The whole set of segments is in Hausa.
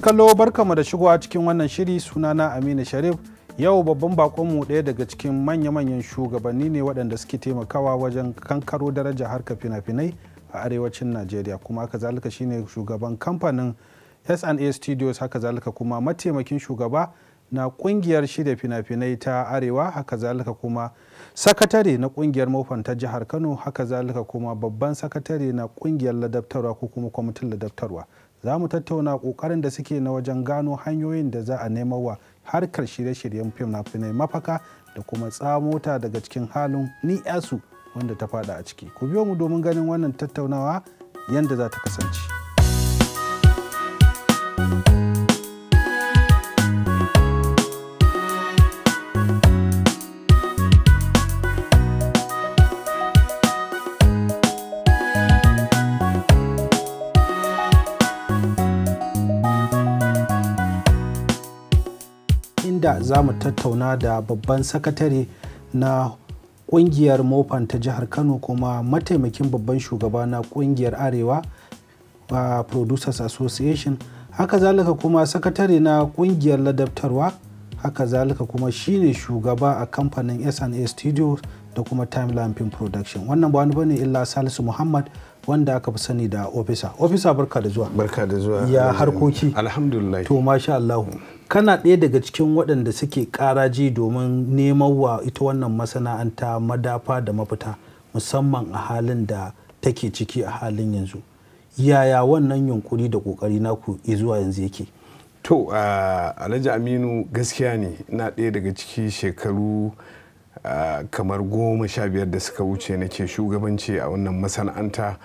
masu kallo barkamu da shigowa cikin wannan shiri sunana aminu sharif yau babban bakonmu ɗaya daga cikin manya-manyan shugabanni ne waɗanda suke taimakawa wajen kankaro daraja harkar fina-finai a arewacin najeriya kuma haka zalika shine shugaban kamfanin sna studios haka zalika kuma mataimakin shugaba na kungiyar shirya fina-finai ta arewa haka zalika kuma sakatare na kungiyar mofan ta jihar kano haka zalika kuma babban sakatare na kungiyar ladabtarwa ko kuma kwamitin ladabtarwa za mu tattauna ƙoƙarin da suke na wajen gano hanyoyin da za a nemo wa harkar shirye-shiryen fim na finai mafaka da kuma tsamota daga cikin halin ni yasu wanda ta fada a ciki ku biyo mu domin ganin wannan tattaunawa yadda za ta kasance. inda za mu tattauna da babban sakatare na kungiyar mofan ta jihar kano kuma mataimakin babban shugaba na kungiyar arewa a producers association haka zalika kuma sakatare na kungiyar ladabtarwa haka zalika kuma shine shugaba a kamfanin sna studios da kuma time lampin production wannan ba bane illa salisu muhammad wanda aka fi sani da ofisa ofisa barka da zuwa barka da zuwa ya harkoki alhamdulillah to masha Allah kana ɗaya daga cikin waɗanda suke ƙaraji domin neman wa ita wannan masana'anta madafa da mafita musamman a halin da take ciki a halin yanzu yaya wannan yunkuri da ƙoƙari naku zuwa yanzu yake to ah, alhaji aminu gaskiya ne na ɗaya daga ciki shekaru kamar goma sha biyar da suka wuce na ke shugabanci a wannan masana'anta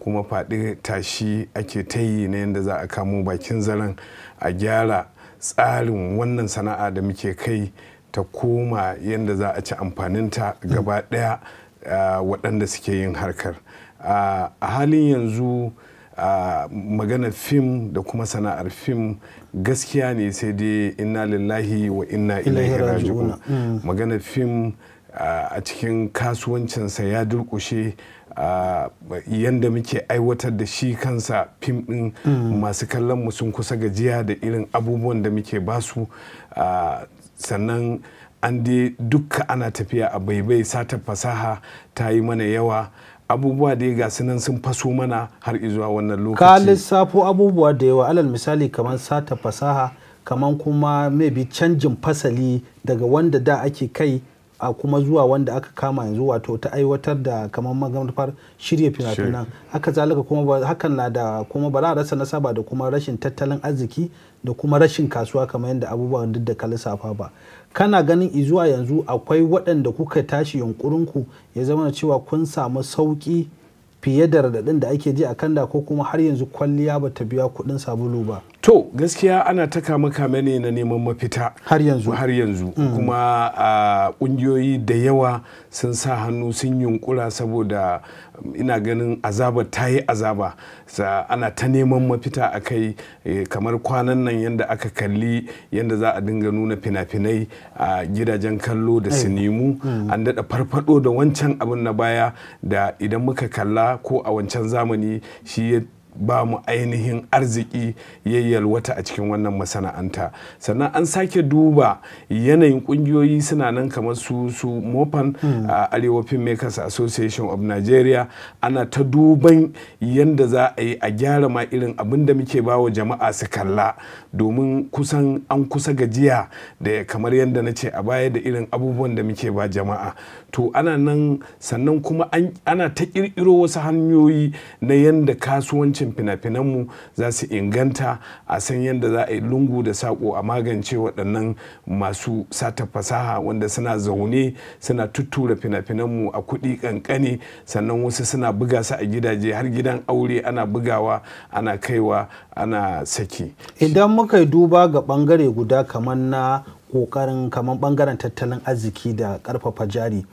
kuma faɗi tashi ake ta yi na yadda za a kamo bakin zaren a gyara tsarin wannan sana'a da muke kai ta koma yadda za a ci amfaninta gaba ɗaya waɗanda suke yin harkar a halin yanzu a maganar fim da kuma sana'ar fim gaskiya ne sai dai inna lillahi wa inna ilaihi raji'un hmm. maganar fim a cikin kasuwancinsa ya durkushe yadda muke aiwatar da shi kansa fim din hmm. masu kallon mu sun kusa gajiya da irin abubuwan da muke basu sannan an dai dukka ana tafiya a baibai satar fasaha ta yi mana yawa abubuwa da ga su nan sun faso mana har izuwa wannan lokaci ka lissafo abubuwa da yawa alal misali kamar sata fasaha kamar kuma maybe canjin fasali daga wanda da ake kai a kuma zuwa wanda aka kama yanzu wato ta aiwatar da kamar magamfar shirya fina-finan haka zalika kuma hakan na da kuma ba rasa nasaba da kuma rashin tattalin arziki da kuma rashin kasuwa kamar yadda abubuwan duk da ka lissafa ba kana ganin izuwa yanzu akwai waɗanda kuka tashi yunkurinku ya zama cewa kun samu sauƙi fiye da radadin da ake ji a kanda ko kuma har yanzu kwalliya ba ta biya kuɗin sabulu ba to gaskiya ana ta kama kame ne na neman mafita har yanzu har yanzu mm. kuma kungiyoyi da yawa sun sa hannu sun yunkura saboda um, ina ganin azaba ta yi azaba sa ana ta neman mafita a kai eh, kamar kwanan nan yadda aka kalli yadda za a dinga nuna fina-finai a gidajen kallo da sinimu mm. an daɗa farfado da wancan abin na baya da idan muka kalla ko a wancan zamani shi ba mu ainihin arziki wata a cikin wannan masana'anta sannan an sake duba yanayin kungiyoyi suna nan kamar su su mofan hmm. a arewa makers association of nigeria ana ta duban yadda za a yi a gyara ma irin abinda da muke bawa jama'a su kalla domin kusan an kusa gajiya da kamar yadda na ce a baya da irin abubuwan da muke ba jama'a to ana nan sannan kuma ana ta ƙirƙiro wasu hanyoyi na yadda kasuwanci ingancin fina-finanmu za su inganta a san yadda za a yi lungu da sako a magance waɗannan masu sata fasaha wanda suna zaune suna tuttura fina-finanmu a kuɗi ƙanƙani sannan wasu suna buga su a gidaje har gidan aure ana bugawa ana kaiwa ana saki idan muka yi duba ga ɓangare guda kamar na kokarin kamar ɓangaren tattalin arziki da karfafa jari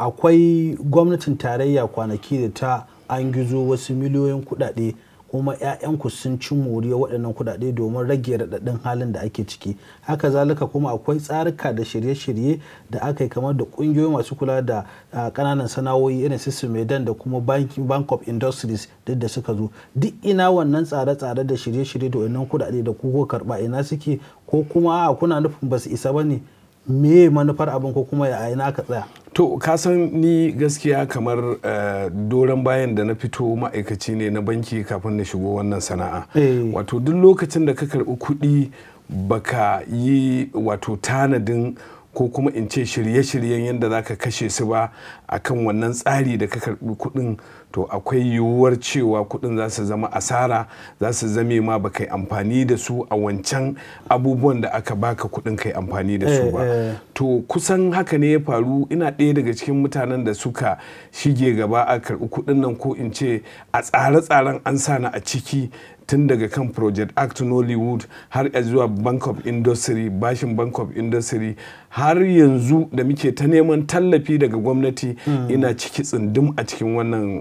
akwai gwamnatin tarayya kwanaki da ta an gizo wasu miliyoyin kuɗaɗe kuma 'ya'yanku sun ci moriya waɗannan kuɗaɗe domin rage raɗaɗin halin da ake ciki haka zalika kuma akwai tsarika da shirye-shirye da aka yi kamar da ƙungiyoyi masu kula da ah, ƙananan sana'o'i irin su sumedan da kuma bank of industries duk da suka zo duk ina wannan tsare-tsare da shirye-shirye da wannan kuɗaɗe da kuka karɓa ina suke ko kuma kuna nufin ba su isa ba ne me manufar abin ko kuma ya ina aka tsaya to ka san ni gaskiya kamar eh, doron bayan da na fito ma'aikaci ne na banki kafin na shigo wannan sana'a eh. wato duk lokacin da ka karbi kuɗi baka yi wato tanadin ko kuma in ce shirye-shiryen yadda za ka kashe su ba a kan wannan tsari da ka karbi kuɗin to akwai yiwuwar cewa kuɗin za su zama asara za su zame ma ba kai amfani da su a wancan abubuwan da aka baka kuɗin kai amfani da su eh, ba eh. to kusan haka ne ya faru ina ɗaya daga cikin mutanen da suka shige gaba a karɓi kuɗin nan ko in ce a tsare-tsaren an sa a ciki tun daga kan project act nollywood har zuwa bank of industry bashin bank of industry har yanzu da muke ta neman tallafi daga gwamnati hmm. ina ciki tsindum a cikin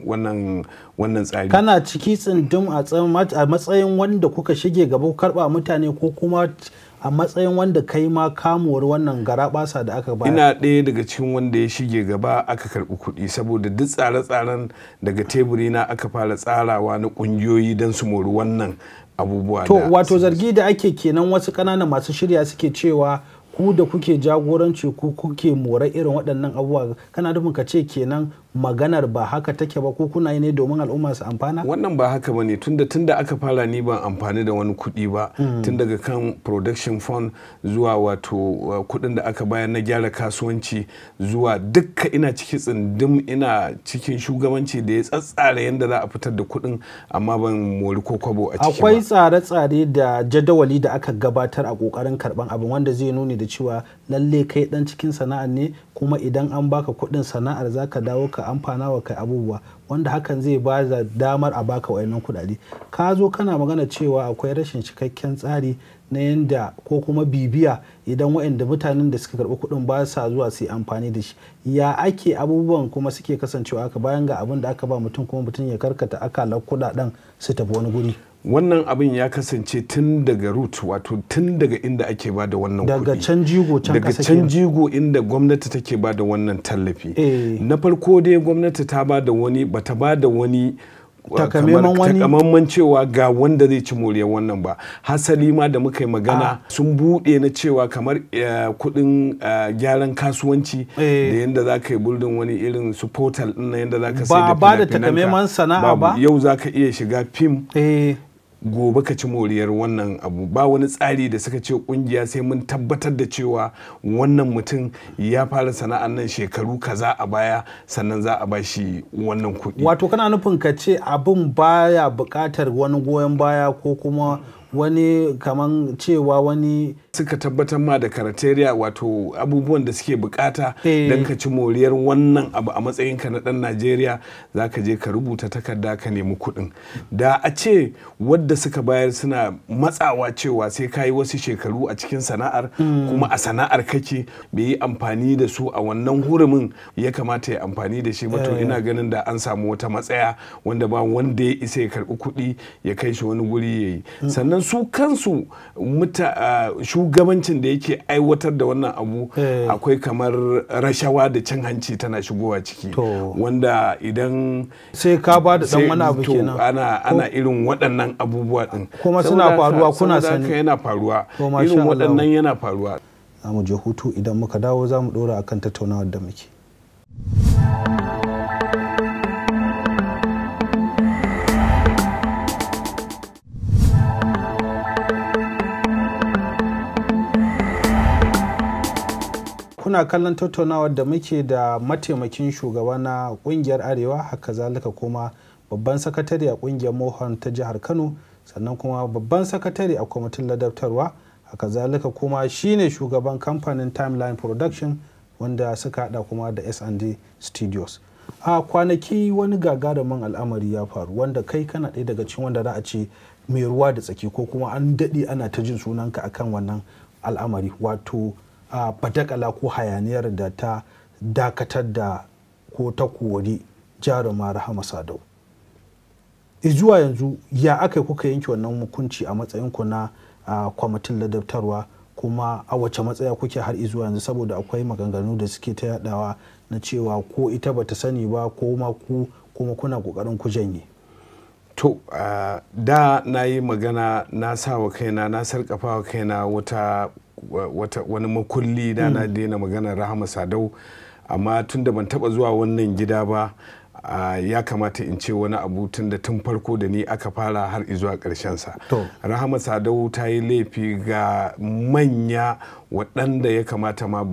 wannan tsari kana ciki tsindum a matsayin wanda kuka shige gaba ku karba mutane ko kuma a matsayin wanda kai ma kamuwar wannan garabasa da aka bayar ina ɗaya daga cikin wanda ya shige gaba aka karɓi kuɗi saboda duk tsare-tsaren daga teburi na aka fara tsarawa na ƙungiyoyi don su mori wannan abubuwa to wato zargi da ake kenan wasu ƙananan masu shirya suke cewa ku da kuke jagoranci ku kuke mora irin waɗannan abubuwa kana nufin ka ce kenan maganar ba haka take ba ko kuna yi ne domin al'umma su amfana wannan ba haka bane tunda tunda aka fara ni ban amfani da wani kuɗi ba hmm. tun daga kan production fund zuwa wato uh, kuɗin da aka bayar na gyara kasuwanci zuwa dukka ina ciki tsindim ina cikin shugabanci da ya tsatsara yadda za a fitar da kuɗin amma ban mori ko kwabo a ciki akwai tsare-tsare da jadawali da aka gabatar a kokarin karban abin wanda zai nuni da cewa lalle kai ɗan cikin sana'ar ne kuma idan an baka kuɗin sana'ar zaka dawo ka amfana wa kai abubuwa wanda hakan zai ba da damar a baka wayannan kudade ka zo kana magana cewa akwai rashin cikakken tsari na yanda ko kuma bibiya idan waɗanda mutanen da suka karɓi kuɗin ba sa zuwa su yi amfani da shi ya ake abubuwan kuma suke kasancewa aka bayan ga abin da aka ba mutum kuma mutum ya karkata akalar kuɗaɗen su tafi wani guri wannan abin ya kasance tun daga root wato tun daga inda ake ba da wannan kuɗi daga can jigo can daga can jigo inda gwamnati take ba da wannan tallafi eh. na farko dai gwamnati ta ba da wani bata ba da uh, wani takamaiman cewa ga wanda zai ci moriyar wannan ba hasali ma da muka yi magana ah. sun buɗe na cewa kamar uh, kuɗin uh, gyaran kasuwanci eh. da yadda za ka yi buldin wani irin su portal ɗin na yadda za ka sai da fina-finanka ba ba da takamaiman sana'a ba yau za ka iya shiga fim eh. gobe ka ci moriyar wannan abu ba wani tsari da suka ce kungiya sai mun tabbatar da cewa wannan mutum ya fara sana'an nan shekaru kaza a baya sannan za a ba shi wannan kuɗi wato kana nufin ka ce abin baya bukatar wani goyon baya ko kuma wani kaman cewa wani suka tabbatar ma da karateriya wato abubuwan da suke bukata eh. don ka ci moriyar wannan abu a matsayin ka na dan najeriya za ka je ka rubuta takarda ka nemi kuɗin da a ce wadda suka bayar suna matsawa cewa sai ka yi wasu shekaru a cikin sana'ar hmm. kuma a sana'ar kake bai yi amfani da su a wannan hurumin ya kamata ya amfani da shi mato to eh. ina ganin da an samu wata matsaya wanda ba wanda ya isa ya karbi kuɗi ya kai shi wani guri ya yi hmm. sannan su kansu ah, shugabancin da yake aiwatar da wannan abu eh. akwai kamar rashawa da cin hanci tana shigowa ciki wanda idan sai ka ba da dan wani abu kenan ana irin waɗannan abubuwa din kuma suna faruwa kuna sani yana faruwa irin waɗannan yana faruwa za mu je hutu idan muka dawo za mu ɗora akan tattaunawar da muke. kuna kallon tattaunawar da muke da mataimakin shugaba na kungiyar arewa haka zalika kuma babban sakatare a kungiyar mohon ta jihar kano sannan kuma babban sakatare a kwamitin ladabtarwa haka zalika kuma shine shugaban kamfanin timeline production wanda suka hada kuma da s&d studios a kwanaki wani gagarumin al'amari ya faru wanda kai kana ɗaya daga cikin wanda za a ce mai ruwa da tsaki ko kuma an daɗe ana ta jin sunanka akan wannan al'amari wato a fatakala ko hayaniyar da ta dakatar da ko ta kori jaruma rahama sadau zuwa yanzu ya aka kuka yanke wannan hukunci a matsayin ku na kwamitin ladabtarwa kuma a wace matsaya kuke har zuwa yanzu saboda akwai maganganu da suke ta yadawa na cewa ko ita bata sani ba ko ma ku kuma kuna kokarin ku janye to da na yi magana na sa wa kaina na sarkafa wa kaina wata wani makulli na na mm. daina maganar rahama sadau amma tun da ban taba zuwa wannan gida ba ya kamata in ce wani abu tun da tun farko da ni aka fara har zuwa sa rahama sadau ta yi laifi ga manya waɗanda ya kamata ma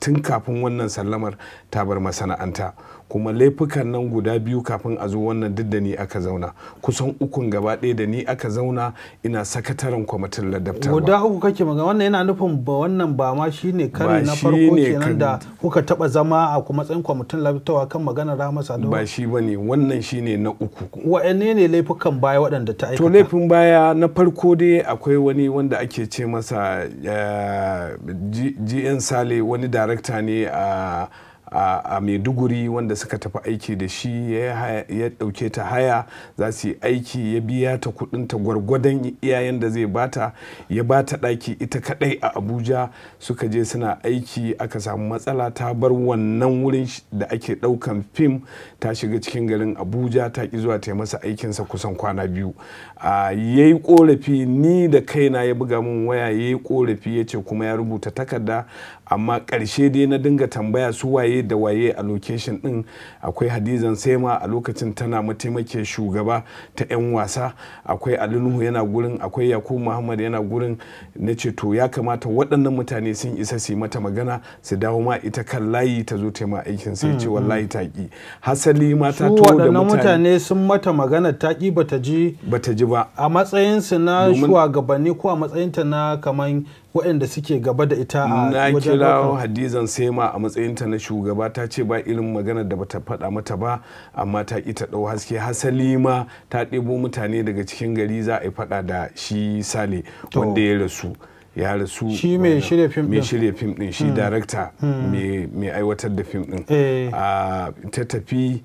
tun kafin wannan sallamar ta bar masana'anta kuma laifukan nan guda biyu kafin a zo wannan duk da ni aka zauna kusan ukun gaba ɗaya da ni aka zauna ina sakataren kwamitin ladabtarwa guda uku kake magana wannan yana nufin ba wannan ba ma shine kare na farko kenan da kuka taba zama a kuma matsayin kwamitin ladabtarwa kan magana rama sadu ba shi bane wannan shine na uku wa'anne ne laifukan baya waɗanda ta aikata to laifin baya na farko dai akwai wani wanda ake ce masa eh, GN Sale wani darakta ne a uh, a maiduguri wanda suka tafi aiki da shi ya dauke ta haya za su yi aiki ya biya ta ta gwargwadon iyayen da zai bata ya bata ɗaki ita kadai a abuja suka je suna aiki aka samu matsala ta bar wannan wurin da ake daukan fim ta shiga cikin garin abuja ta ki zuwa ta masa aikinsa kusan kwana biyu ya yi korafi ni da kaina ya buga min waya ya korafi ya ce kuma ya rubuta takarda amma karshe dai na dinga tambaya su waye da waye a location din akwai hadizan sema a lokacin tana mataimake shugaba ta 'yan wasa akwai alinuhu yana gurin akwai yakubu muhammad yana gurin na ce to ya kamata waɗannan mutane sun isa su mata magana su dawo ma ita kan layi ta zo taima aikin sai ce mm, mm. wallahi ta hasali mata to da mutane sun mata magana taƙi bata ji bata ji ji ba a matsayinsu na shugabanni ko a matsayinta na kaman waɗanda suke gaba da ita a na kira hadizan sema a matsayinta na shugaba ta ce ba irin magana da bata faɗa mata ba amma ta ƙi ta ɗau haske hasali ma ta ɗebo mutane daga cikin gari za a yi faɗa da shi sale wanda ya rasu ya rasu shi mai shirya fim din shirya fim din shi hmm. darakta hmm. mai aiwatar da fim din eh. ah, ta tafi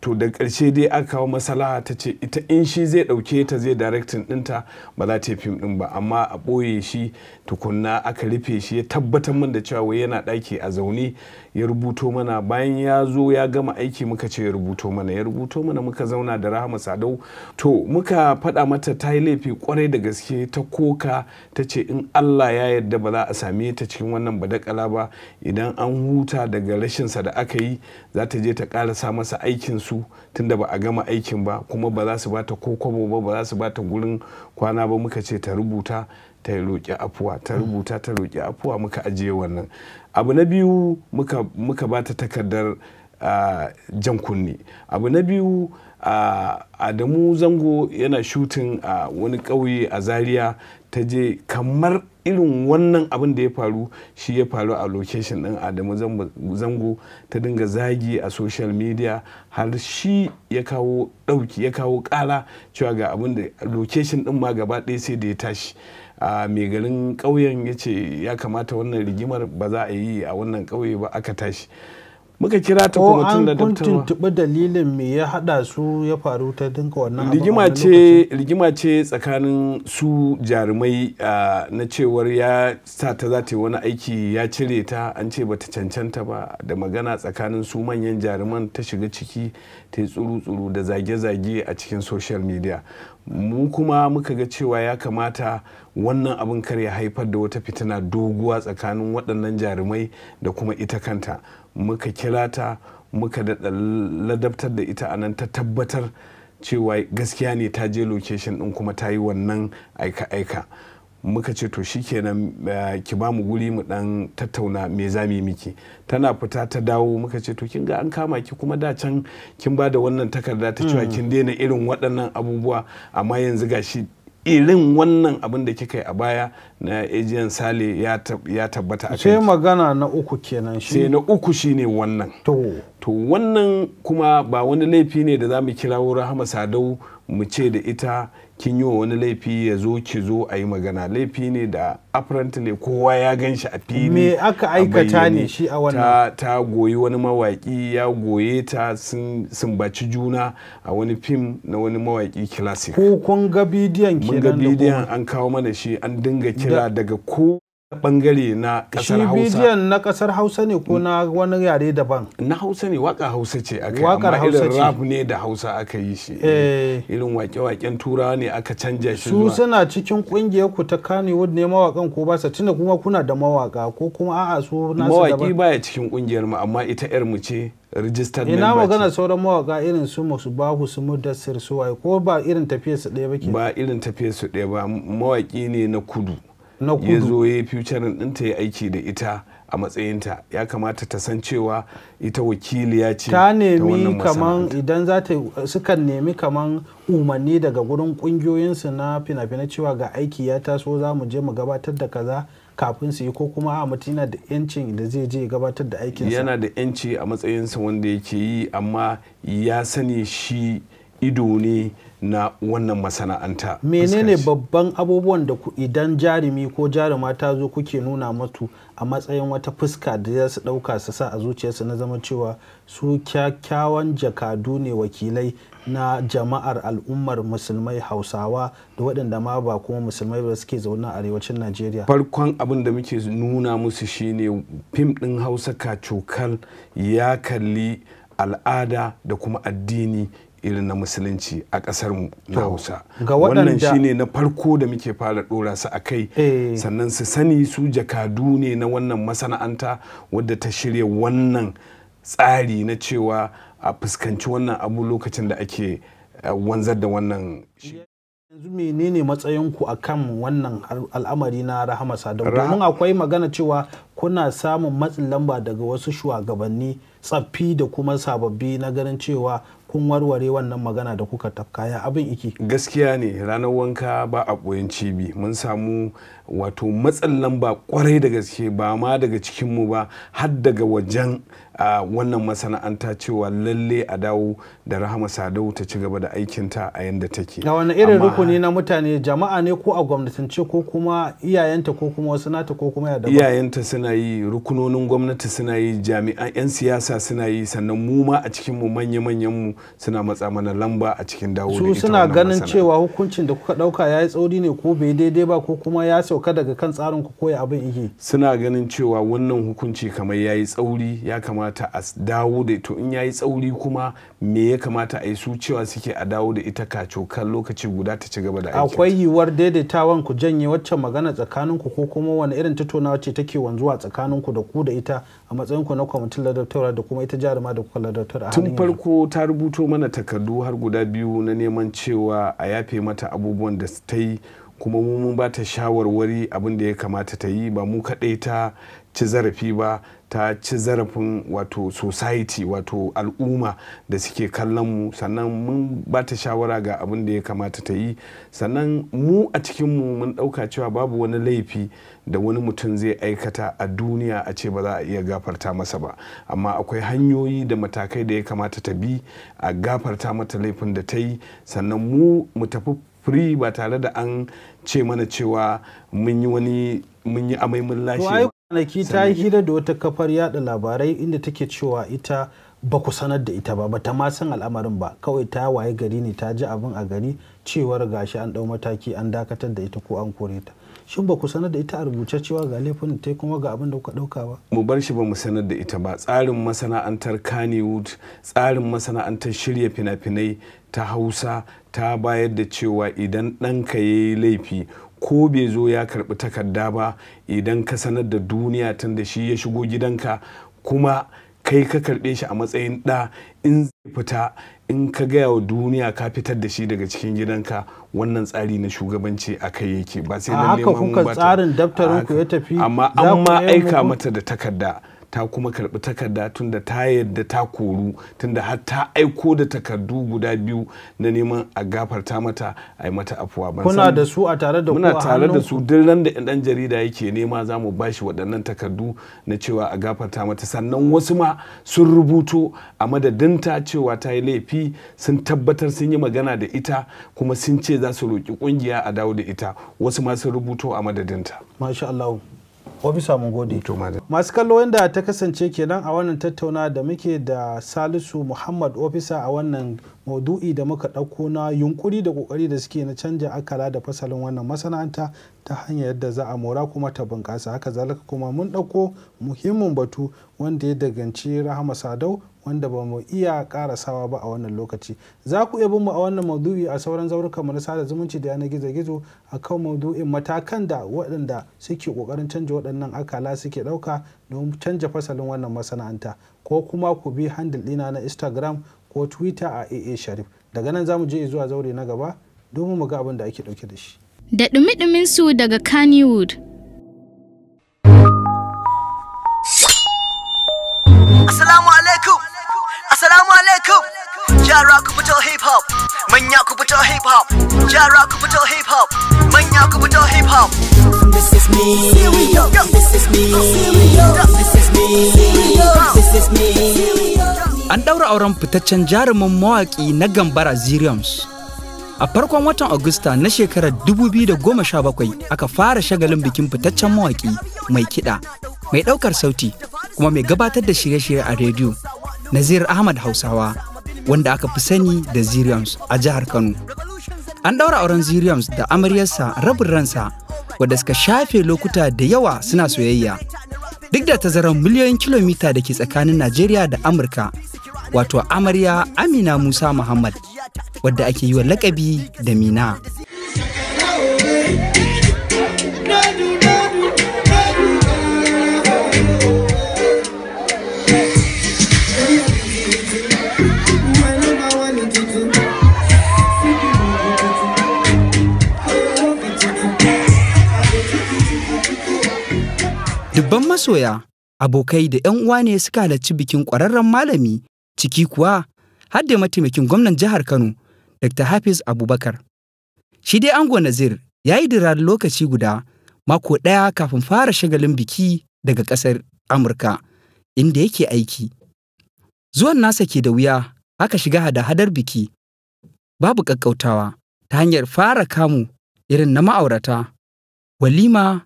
to da ƙarshe dai aka kawo masalaha ta ce ita in shi zai ɗauke ta zai directing ɗinta ba za ta yi fim ɗin ba amma a ɓoye shi tukunna aka rufe shi ya tabbatar min da cewa wai yana ɗaki a zaune ya rubuto mana bayan ya zo ya gama aiki muka ce ya rubuto mana ya rubuto mana muka zauna da rahama sadau to muka faɗa mata ta yi laifi kwarai da gaske ta koka ta ce in allah ya yarda ba za a same ta cikin wannan badakala ba idan an huta daga rashinsa da aka yi za ta je ta karasa masa aikin su tunda ba a gama aikin ba kuma ba za su bata ko kwabo ba ba za su bata gurin kwana ba muka ce ta rubuta ta roƙi afuwa ta rubuta ta roƙi afuwa muka ajiye wannan abu na biyu muka muka bata takardar jan kunne abu na biyu adamu zango yana shutin a wani ƙauye a zaria ta je kamar irin wannan abin da ya faru shi ya faru a location din adamu zango ta dinga zagi a social media har shi ya kawo dauki ya kawo ƙara cewa ga abin da location din ma gaba ɗaya sai da ya tashi a mai garin ƙauyen ya ce ya kamata wannan rigimar ba za a yi a wannan ƙauye ba aka tashi muka kira ta tun da daftarwa. an tuntuɓi dalilin me ya haɗa su ya faru ta dinka wannan rigima ce rigima ce tsakanin su jarumai na cewar ya sa ta za ta yi wani aiki ya cire ta an ce bata cancanta ba da magana tsakanin su manyan jaruman ta shiga ciki ta yi tsuru-tsuru da zage-zage a cikin social media mu kuma muka ga cewa ya kamata wannan abin kar ya haifar da wata fitina doguwa tsakanin waɗannan jarumai da kuma ita kanta muka kira ta muka daɗa ladabtar da ita anan ta tabbatar cewa gaskiya ne ta je location ɗin kuma ta yi wannan aika-aika muka ce to shikenan nan eh, ki ba mu guri mu dan tattauna me za mu yi miki tana fita ta dawo muka ce to kin ga an kama ki kuma da can kin ba da wannan takarda ta cewa mm. kin daina irin waɗannan abubuwa amma yanzu gashi irin wannan abin da kika yi a baya na ejiyan sale ya tabbata a sai magana na uku kenan shi sai na uku shine wannan to wannan kuma ba wani laifi ne da za mu kirawo rahama sadau mu ce da ita kin yi wa wani laifi ya zo ki zo a yi magana laifi ne da apparently kowa ya gan shi a fili me aka aikata ne shi a wannan ta goyi wani mawaki ya goye ta sun baci juna a wani fim na wani mawaki classic ko kun ga bidiyon kenan mun ga bidiyon an kawo mana shi an dinga kira daga ko bangare na kasar hausa shi bidiyon na kasar hausa ne ko na wani yare daban na hausa ne waka hausa ce aka yi amma irin rap ne da hausa aka yi shi eh. irin wake-waken turawa ne aka canja shi su suna cikin kungiyar ku ta kanewood ne mawakan ko ba sa tunda kuma kuna da mawaka ko kuma a'a su nasu daban mawaki baya cikin kungiyar mu amma ita yar mu ce registered member ina magana sauran mawaka irin su Musu bahu su mudassir su waye ko ba irin tafiyar su ɗaya ba ke ba irin tafiyar su ɗaya ba mawaki ne na kudu ya zo ya futurin ta yi aiki da ita a matsayinta ya kamata ta san cewa ita wakiliya ce ta nemi kaman idan za ta suka nemi kaman umarni daga gurin kungiyoyinsu na fina-fina cewa ga aiki ya taso za mu je mu gabatar da kaza kafin su yi ko kuma a mutum yana da yancin da zai je gabatar da aikinsa yana da yanci a matsayinsa wanda yake yi amma ya sani shi ido ne na wannan masana'anta menene babban abubuwan da idan jarumi ko jaruma ta zo kuke nuna matu a matsayin wata fuska da za su ɗauka su sa a zuciyarsu na zama cewa su kyakkyawan jakadu ne wakilai na jama'ar al'ummar musulmai hausawa da waɗanda ma ba kuma musulmai ba suke zaune a arewacin najeriya farkon abin da muke nuna musu shine fim ɗin hausa ka cokal ya kalli al'ada da kuma addini irin na musulunci a ƙasar mu na Hausa wannan shine na farko da muke fara dora su a kai eh. sannan su sani su jakadu ne na wannan masana'anta wadda ta shirya wannan tsari na cewa a fuskanci wannan abu lokacin da ake eh, wanzar da wannan yanzu menene matsayin ku akan wannan al'amari na rahama sadau domin akwai magana cewa kuna samun matsin lamba daga wasu shugabanni tsaffi da kuma sababbi na ganin cewa kun warware wannan magana da kuka tafka ya abin iki gaskiya ne ranar wanka ba a ɓoyin cibi mun samu wato matsalan ba kwarai da gaske ba ma daga cikinmu ba har daga wajen a wannan masana'anta cewa lalle a dawo da rahama sadau ta ci gaba da aikinta a yadda take a wani irin rukuni na mutane jama'a ne ko a gwamnatance ko kuma iyayenta ko kuma wasu nata ko kuma ya iyayenta suna yi rukunonin gwamnati suna yi jami'an 'yan siyasa suna yi sannan mu ma a cikin mu manya-manyan mu suna matsa mana lamba a cikin dawo da su suna ganin cewa hukuncin da kuka dauka ya yi tsauri ne ko bai daidai ba ko kuma ya sauka daga kan tsarin ku ko ya abin ihe suna ganin cewa wannan hukunci kamar ya yi tsauri ya kamar. kamata a dawo da to in yayi tsauri kuma me ya kamata a yi su cewa suke a dawo da ita kan lokaci guda ta ci gaba da aiki akwai yiwuwar daidaitawan ku janye waccan magana tsakanin ku ko kuma wani irin tattaunawa ce take wanzuwa tsakanin ku da ku da ita a matsayin ku na kwamitin ladabtawa da kuma ita jaruma da kuka ladabtar tun farko ta rubuto mana takardu har guda biyu na neman cewa a yafe mata abubuwan da ta yi kuma mu mun ba ta shawarwari abin da ya kamata ta yi ba mu kaɗai ta ci zarafi ba ta ci zarafin wato society wato al'umma da suke kallon mu sannan mun ba ta shawara ga abin da ya kamata ta yi sannan mu a cikin mu mun ɗauka cewa babu wani laifi da wani mutum zai aikata a duniya a ce ba za a iya gafarta masa ba amma akwai hanyoyi da matakai da ya kamata ta bi a gafarta mata laifin da ta yi sannan mu mu tafi firi ba tare da an ce mana cewa mun yi wani mun yi amai mun lashe kwanaki ta yi hira da wata kafar yada labarai inda take cewa ita ba ku sanar da ita ba ba ta ma san al'amarin ba kawai ta waye gari ne ta ji abin a gari cewar gashi an dau mataki an dakatar da ita ko an kore ta shin ba ku sanar da ita a rubuce cewa ga laifin ta kuma ga abin da kuka dauka ba mu bar shi ba mu sanar da ita ba tsarin masana'antar Kannywood tsarin masana'antar shirya fina-finai ta Hausa ta bayar da cewa idan ɗanka ya yi laifi ko bai zo ya karɓi takarda ba idan ka sanar da duniya tun da shi ya shigo gidanka kuma kai ka karɓe shi a matsayin ɗa in zai fita in ka gaya wa duniya ka fitar da shi daga cikin gidanka wannan tsari na shugabanci a kai yake ba sai na neman ba tsarin daftarin ku ya tafi amma an ma aika mata da takarda ta kuma karbi takarda tunda ta yadda ta koru tunda har ta aiko da takardu guda biyu na neman a gafarta mata a yi mata afuwa ban kuna da su a tare da muna tare da su duk ran da dan jarida yake nema za mu bashi waɗannan takardu na cewa a gafarta mata sannan wasu ma sun rubuto a madadinta cewa ta yi laifi sun tabbatar sun yi magana da ita kuma sun ce za su roki kungiya a dawo da ita wasu ma sun rubuto a madadinta masha Allah gode masu kallo wanda ta kasance kenan a wannan tattauna da muke da salisu muhammad ofisa a wannan maudu'i da muka ɗauko na yunkuri da ƙoƙari da suke na canja akala da fasalin wannan masana'anta ta hanyar yadda za a mora kuma ta bunƙasa haka zalika kuma mun ɗauko muhimmin batu wanda ya daganci rahama sadau wanda ba mu iya karasawa ba a wannan lokaci za ku iya bin mu a wannan maudu'i a sauran zaurukan mu na sada zumunci da yanar gizo gizo a kan maudu'in matakan da waɗanda suke ƙoƙarin canja waɗannan akala suke ɗauka don canja fasalin wannan masana'anta ko kuma ku bi handle ɗina na instagram ko twitter a aa sharif daga nan zamu je zuwa zaure na gaba domin mu ga abin da ake dauke da shi da dumi su daga kannywood assalamu alaikum assalamu alaikum yara ku fito hip hop manya ku fito hip hop yara ku fito hip hop manya ku fito hip hop this is me this is me this is me, this is me. An ɗaura auren fitaccen jarumin mawaƙi na gambara Ziriams. A farkon watan Agusta na shekarar 2017 aka fara shagalin bikin fitaccen mawaƙi mai kiɗa, mai ɗaukar sauti kuma mai gabatar da shirye-shirye a rediyo, Nazir Ahmad Hausawa, wanda aka fi sani da Ziriams a jihar Kano. An ɗaura auren Ziriams da amaryarsa rabin ransa wadda suka shafe lokuta da yawa suna soyayya. duk da tazarar miliyoyin kilomita da ke tsakanin Najeriya da Amurka, wato amarya Amina Musa Muhammad, wadda ake yi wa lakabi da Mina. Dubban masoya, abokai da 'yan uwa ne suka halarci bikin ƙwararren malami, ciki kuwa har da mataimakin gwamnan jihar Kano, Dr. Hafiz Abubakar. Shi dai ango Nazir ya yi dirar lokaci guda mako ɗaya kafin fara shagalin biki daga ƙasar Amurka, inda yake aiki. Zuwan nasa ke da wuya, aka shiga hada-hadar biki. Babu ƙaƙƙautawa ta hanyar fara kamu irin na ma'aurata, walima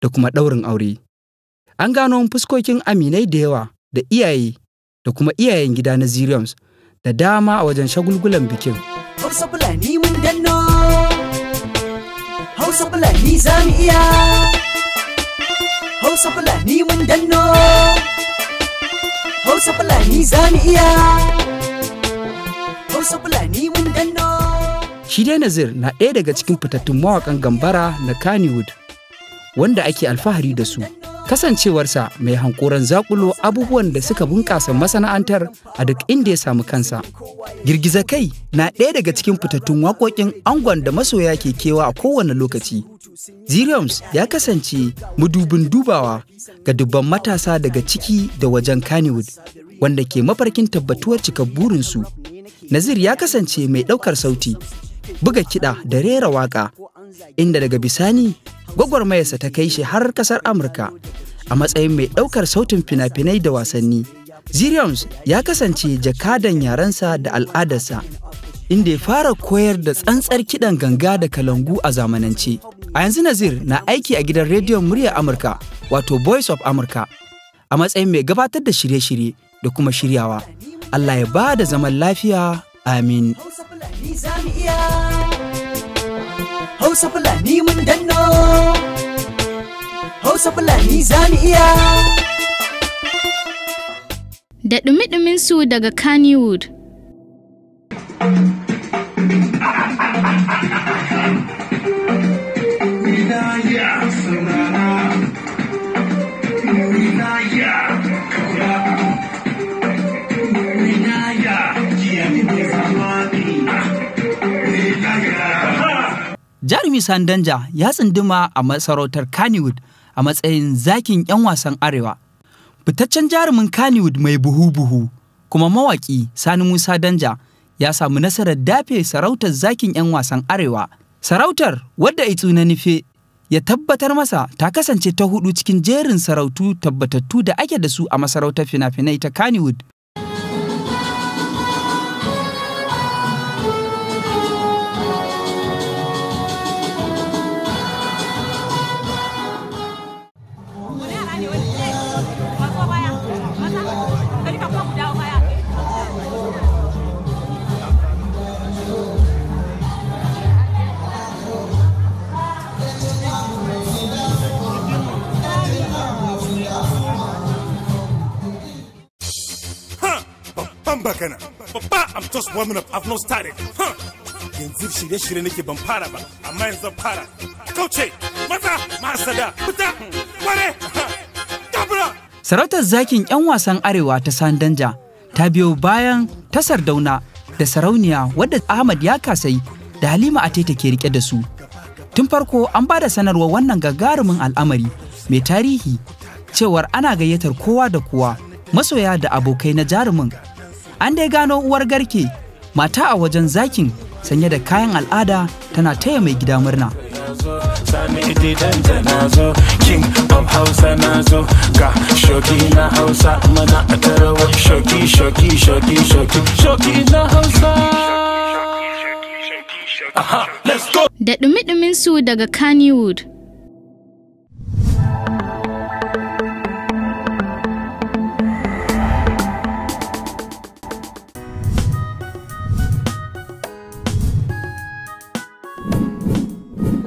da kuma ɗaurin aure. an gano fuskokin aminai da yawa da iyaye da kuma iyayen gida na ziriums da dama a wajen shagulgulan bikin. Hausa Fulani mun danno, Hausa Fulani za mu iya, Hausa Fulani mun danno, Hausa Fulani za mu iya, Hausa Fulani mun danno. Shi dai Nazir na ɗaya daga cikin fitattun mawaƙan gambara na Kannywood, wanda ake alfahari da su. kasancewarsa mai hankoran zakulo abubuwan da suka bunƙasa masana'antar a duk inda ya samu kansa. Girgiza kai na ɗaya daga cikin fitattun waƙoƙin angon da masoya ke kewa a kowane lokaci. Ziriams ya kasance mudubin dubawa ga dubban matasa daga ciki da wajen Kannywood, wanda ke mafarkin tabbatuwar cika burinsu. Nazir ya kasance mai ɗaukar sauti, buga kiɗa da rera waƙa inda daga bisani gwagwarmayarsa ta kai shi har kasar amurka a matsayin mai ɗaukar sautin fina-finai da wasanni ziriams ya kasance jakadan yarensa da al'adarsa inda ya fara koyar da tsantsar kiɗan ganga da kalangu a zamanance a yanzu nazir na aiki a gidan rediyon murya amurka wato voice of amurka a matsayin mai gabatar da shirye-shirye da kuma shiryawa allah ya ba da zaman lafiya amin Hausa Fulani mun danno Hausa Fulani za mu iya da ɗumi su daga Kannywood. Jarumi Sandanja ya tsunduma a masarautar Kannywood a matsayin zakin 'yan wasan Arewa. Fitaccen jarumin Kannywood mai buhu-buhu kuma mawaƙi Sani Musa Danja ya samu nasarar dafe sarautar zakin 'yan wasan Arewa. Sarautar wadda itsu na nufe ya tabbatar masa ta kasance ta hudu cikin jerin sarautu tabbatattu da ake da su a masarautar fina-finai ta Kannywood. babban bakana babba i'm just warming up i've not started yanzu shirye-shirye nake ban fara ba amma yanzu fara kauce maza masada fita ware sarautar zakin yan wasan arewa ta sandanja ta biyo bayan ta sardauna da sarauniya wadda ahmad ya kasai da halima ate take rike da su tun farko an ba da sanarwa wannan gagarumin al'amari mai tarihi cewar ana gayyatar kowa da kowa masoya da abokai na jarumin An dai gano uwar garke, mata a wajen zakin sanye da kayan al'ada tana taya mai gida murna. Da ɗumi-ɗuminsu daga Kannywood.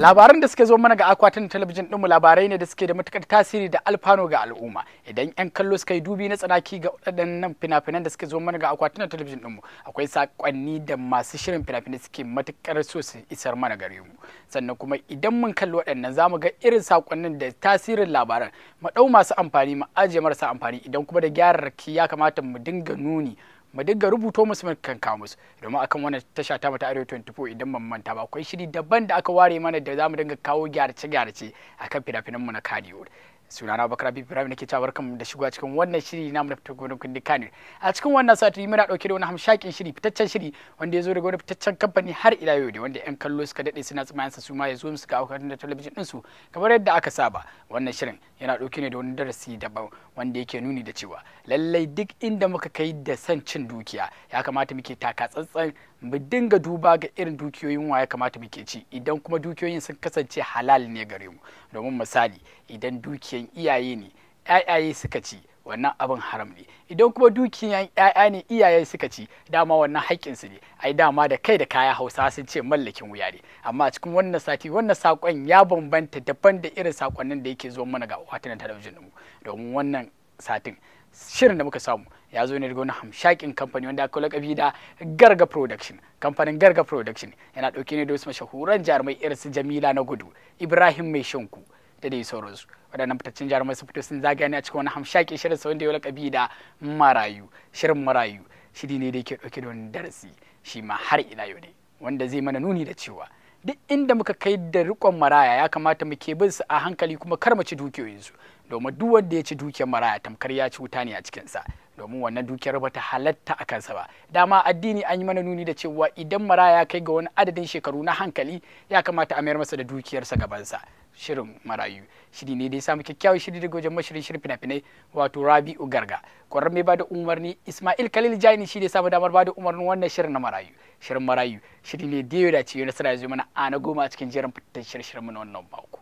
labaran da suke zo mana ga akwatin talabijin ɗinmu labarai ne da suke da matukar tasiri da alfano ga al'umma idan 'yan kallo suka yi dubi na tsanaki ga waɗannan fina-finan da suke zo mana ga akwatin talabijin ɗinmu akwai sakonni da masu shirin fina-finai suke matukar so su isar mana gare mu sannan kuma idan mun kalli waɗannan za mu ga irin sakonnin da tasirin labaran mu ɗau masu amfani mu ajiye marasa amfani idan kuma da gyararraki ya kamata mu dinga nuni mu dinga rubuto musu mu kan kawo musu domin akan wannan tasha ta mata arewa 24 idan ban manta ba akwai shiri daban da aka ware mana da zamu dinga kawo gyarce gyarce akan fina-finan mu na Kariyo sunana bakar firayim na ke cewa da shigo a cikin wannan shiri na mu fita gudun kundi kane a cikin wannan sati muna dauke da wani hamshakin shiri fitaccen shiri wanda ya zo daga wani fitaccen kamfani har ila yau da wanda yan kallo suka dade suna tsimayen sa su ma ya zo musu ga aukatun da talabijin ɗinsu. su kamar yadda aka saba wannan shirin yana dauke ne da wani darasi daban wanda yake nuni da cewa lallai duk inda muka kai da san cin dukiya ya kamata muke taka tsantsan mu dinga duba ga irin dukiyoyin wa ya kamata muke ci idan kuma dukiyoyin sun kasance halal ne gare mu domin misali idan dukiyan iyaye ne yayaye suka ci wannan abin haram ne idan kuma dukiyan yaya ne iyaye suka ci dama wannan haƙƙin su ne ai dama da kai da kaya hausa sun ce mallakin wuya ne amma a cikin wannan sati wannan sakon ya bambanta daban da irin sakonnin da yake zo mana ga watanin talabijin mu domin wannan satin shirin da muka samu ya zo ne daga wani hamshakin kamfani wanda aka lakabi da garga production kamfanin garga production yana ɗauke ne da wasu mashahuran jarumai irinsu jamila na gudu ibrahim mai shanku da dai sauransu waɗannan fitaccen jarumai su fito sun zagaya ne a cikin wani hamshakin shirin sa wanda ya lakabi da marayu shirin marayu shiri ne da yake dauke da wani darasi shi ma har ila yau ne wanda zai mana nuni da cewa duk inda muka kai da rikon maraya ya kamata mu ke bin su a hankali kuma kar mu ci dukiyoyinsu domin duk wanda ya ci dukiyar maraya tamkar ya ci wuta ne a cikinsa domin wannan dukiyar ba ta halatta a kansa ba dama addini an yi mana nuni da cewa idan maraya ya kai ga wani adadin shekaru na hankali ya kamata a mayar masa da dukiyarsa gabansa shirin marayu shiri ne da ya samu kyakkyawan shiri daga wajen mashirin shirin fina-finai wato Rabi ugarga kwarar mai bada umarni ismail khalil jaini shi ne samu damar bada umarnin wannan shirin na marayu shirin marayu shiri ne da ya dace yau nasara ya zo mana ana na goma cikin jerin fitattun shirin mu na wannan mako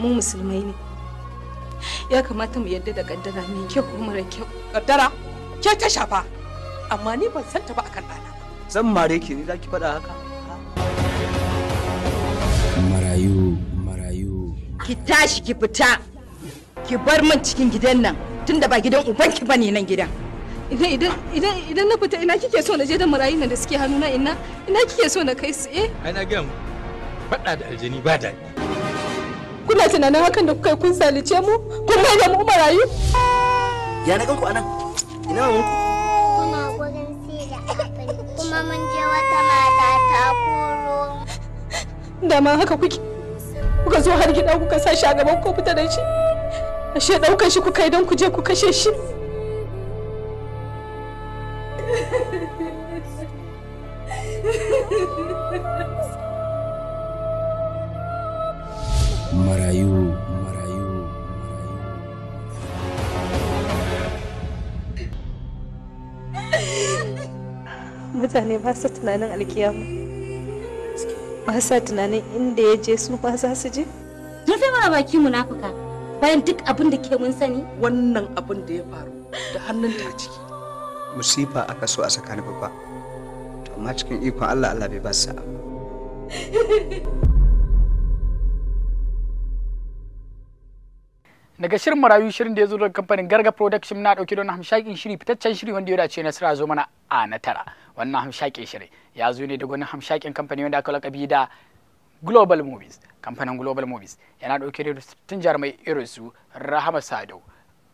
mu musulmai ne ya kamata mu yarda da kaddara mai kyau ko mara kyau kaddara ke ta shafa amma ni ban santa ba akan ɗana zan mare ki ne zaki faɗa haka marayu marayu ki tashi ki fita ki bar min cikin gidan nan tunda ba gidan ubanki bane nan gidan idan idan idan idan na fita ina kike so na je da marayu nan da suke hannuna ina ina kike so na kai su eh ai na gam faɗa da aljini ba daɗi kuna tunanin hakan da kuka yi kun salice mu kun mai da mu marayu ya na ganku anan ina mun ku kuma gurin sila kuma mun je wata mata ta koro da ma haka kuke kuka zo har gida kuka sa shi a gaban ko fita da shi ashe daukan shi kuka yi don ku je ku kashe shi ba sa tunanin alkiyama ba sa tunanin inda ya je su ba za su je rufe mana baki munafuka bayan duk abin da ke mun sani wannan abin da ya faru da hannun ta ciki musifa aka so a tsakanin babba to amma cikin ikon Allah Allah bai ba sa daga shirin marayu shirin da ya zo daga kamfanin garga production na dauke don hamshakin shiri fitaccen shiri wanda ya dace nasara zo mana a na tara wannan hamshakin shirin ya zo ne daga wani hamshakin kamfani wanda aka lakabi da global movies kamfanin global movies yana dauke da tun jarumai irinsu rahama sadau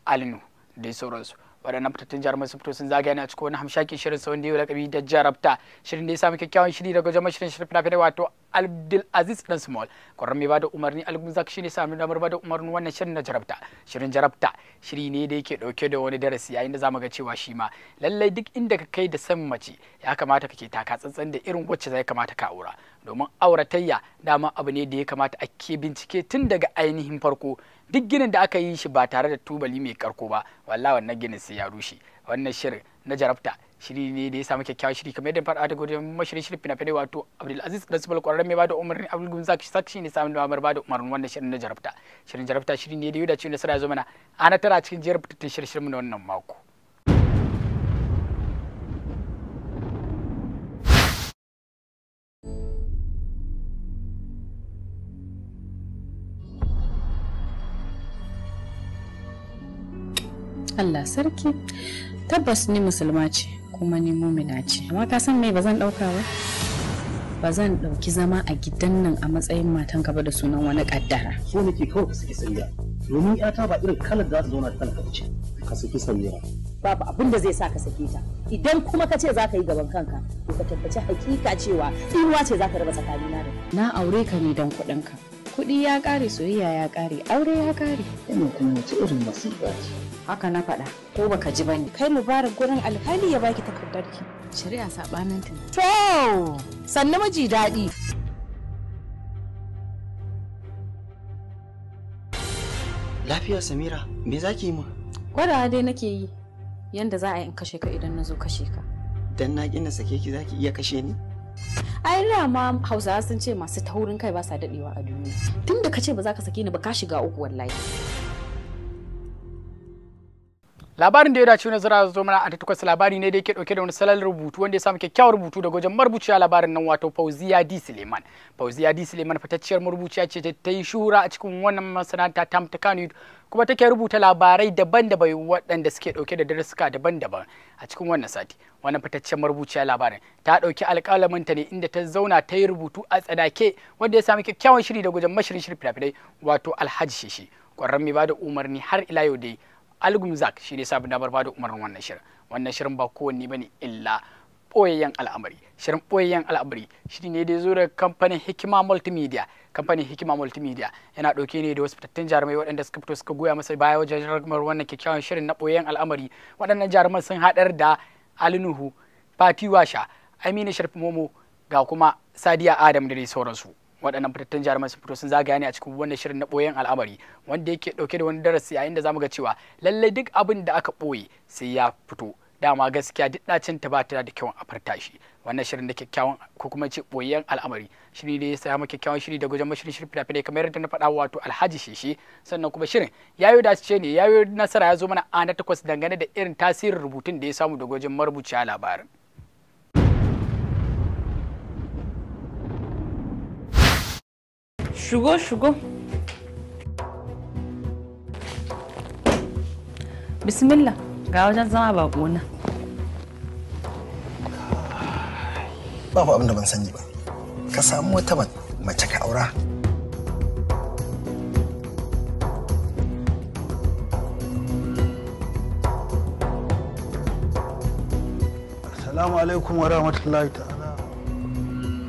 alinu da sauransu waɗannan fitattun jarumai su fito sun zagaya ne a cikin wani hamshakin shirin sa da ya lakabi da jarabta shirin da ya samu kyakkyawan shiri daga wajen mashirin shirin fina fina wato abdul aziz dan small kwarar mai bada umarni almuzak ne samu damar bada umarnin wannan shirin na jarabta shirin jarabta shiri ne da yake dauke da wani darasi yayin da zamu ga cewa shi ma lallai duk inda ka kai da san mace ya kamata ka ke taka tsantsan da irin wacce zai kamata ka aura domin auratayya dama abu ne da ya kamata a ke bincike tun daga ainihin farko duk ginin da aka yi shi ba tare da tubali mai karko ba wallahi wannan ginin sai ya rushe wannan shirin na jarabta shiri ne da ya samu kyakkyawan shiri kamar yadda fara ta gode mashirin shirin fina-finai wato abdulaziz principal kwararren mai bada umarni abdul gunzak sakshi ne samun damar bada umarnin wannan shirin na jarabta shirin jarabta shiri ne da yau da ciwon nasara ya zo mana ana tara cikin jarabtattun shirin na wannan mako Allah sarki tabbas ni musulma ce kuma ni mumina ce amma ka san mai ba zan ɗauka ba ba zan ɗauki zama a gidan nan a matsayin matan ka ba da sunan wani kaddara so nake kawai ka saki sanya domin yata ba irin kalar da za ta zauna da kanka ce ka saki sanya babu abin da zai sa ka sake ta idan kuma ka ce za ka yi gaban kanka to ka tabbaci hakika cewa tsinuwa ce za ka raba tsakanina da na aure ka ne dan kuɗin ka kuɗi ya ƙare soyayya ya ƙare aure ya ƙare ina kuma wace irin masifa ce haka na faɗa ko baka ji bane kai mubarak gurin alkali ya baki takardarki shari'a sabanin tun to sannu miji daɗi lafiya samira me za ki yi min gwada dai nake yi yanda za a yi in kashe ka idan na zo kashe ka dan na kina sake ki za ki iya kashe ni ai ma hausawa sun ce masu taurin kai ba sa daɗewa a duniya tun da ka ce ba za ka sake ni ba ka shiga uku wallahi labarin da ya dace na zira zo mana a takwas labari ne da yake dauke da wani salon rubutu wanda ya samu kyakkyawar rubutu daga wajen marubuciya labarin nan wato Fauziya D Suleiman Fauziya D Suleiman fitacciyar marubuciya ce ta yi shuhura a cikin wannan masana'anta ta ta Kano kuma take rubuta labarai daban-daban waɗanda suke dauke da darussuka daban-daban a cikin wannan sati wannan fitacciyar marubuciya labarin ta dauki alƙalamin ta ne inda ta zauna ta yi rubutu a tsadake wanda ya samu kyakkyawan shiri daga wajen mashirin shirin fina wato Alhaji Shishi kwararren mai bada umarni har ila yau dai zak shi ne sabon damar bada umarnin wannan shirin wannan shirin ba kowanne ba ne illa ɓoyayyen al'amari shirin ɓoyayyen al'amari shi ne da ya zo daga kamfanin hikima multimedia kamfanin hikima multimedia yana ɗauke ne da wasu fitattun jarumai waɗanda suka fito suka goya masa baya wajen jarumar wannan kyakkyawan shirin na ɓoyayyen al'amari waɗannan jaruman sun haɗar da alinuhu fati washa amina sharif momo ga kuma sadiya adam da dai sauransu waɗannan fitattun jarumai sun fito sun zagaya ne a cikin wannan shirin na ɓoyen al'amari wanda yake ɗauke da wani darasi yayin da zamu ga cewa lallai duk abin da aka ɓoye sai ya fito dama gaskiya duk ɗacin ta ba ta da kyawun afarta shi wannan shirin da kyakkyawan ko kuma ce ɓoyen al'amari shiri ne ya samu kyakkyawan shiri da gujen mashirin shirin fitafi kamar yadda na faɗa wato alhaji sheshe sannan kuma shirin ya yi dace ne ya yayo nasara ya zo mana a na takwas dangane da irin tasirin rubutun da ya samu da gujen marubuciya labarin. Shigo shigo. Bismillah ga wajen zama Babu abin da ban sani ba. Ka samu wata mace ka aura. Assalamu alaikum wa rahmatullahi ta'ala.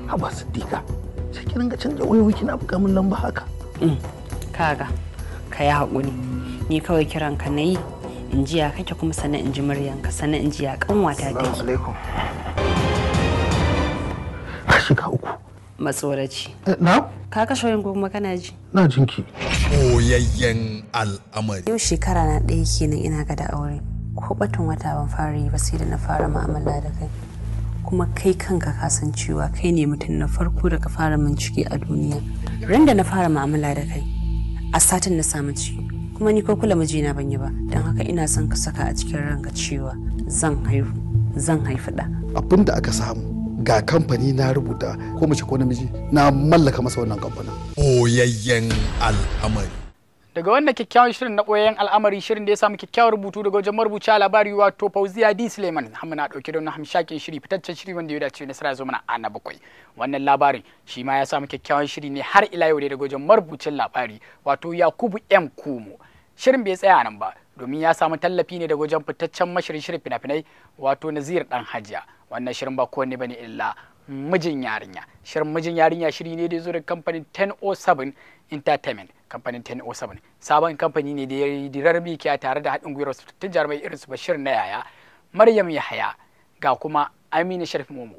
Haba Siddiqa. ki dinga canza wayoyi kina buga min lamba haka mm. kaga ka yi haƙuri ni kawai kiran ka na yi in ji ya kake kuma sanin in ji ka sannan in ji ya kanwata ta yi alaikum shiga uku matsoraci eh, na ka kashe wayan kuma kana ji na jinki koyayyen al'amari yau shekara na ɗaya kenan ina ga da aure ko batun wata ban fara yi ba sai da na fara mu'amala da kai kuma kai kanka kasan cewa kai ne mutum na farko da ka fara min ciki a duniya randa na fara mu'amala da kai a satin na samu ciki kuma ni ko kula mijina ban yi ba don haka ina son ka saka a cikin ranka cewa zan haihu zan haifi da abin da aka samu ga kamfani na rubuta ko mace ko namiji na mallaka masa wannan kamfanin oyayyen al'amari daga wannan kyakkyawan shirin na koyon al'amari shirin da ya samu kyakkyawan rubutu daga wajen marubuta labari wato Fauziya D Suleiman hamma na dauke da wannan hamshakin shiri fitaccen shiri wanda ya dace nasara zo mana a na bakwai wannan labarin shi ma ya samu kyakkyawan shiri ne har ila yau daga wajen marubucin labari wato Yakubu M Kumo shirin bai tsaya nan ba domin ya samu tallafi ne daga wajen fitaccen mashirin shirin fina-finai wato Nazir Dan Hajiya wannan shirin ba kowanne bane illa mijin yarinya shirin mijin yarinya shiri ne da ya zo da kamfanin 1007 entertainment kamfanin ten O oh seven sabon kamfani ne da ya yi dirar mikiya tare da haɗin gwiwar fitattun jarumai irin su bashir na yaya maryam yahaya ga kuma amina sharif momo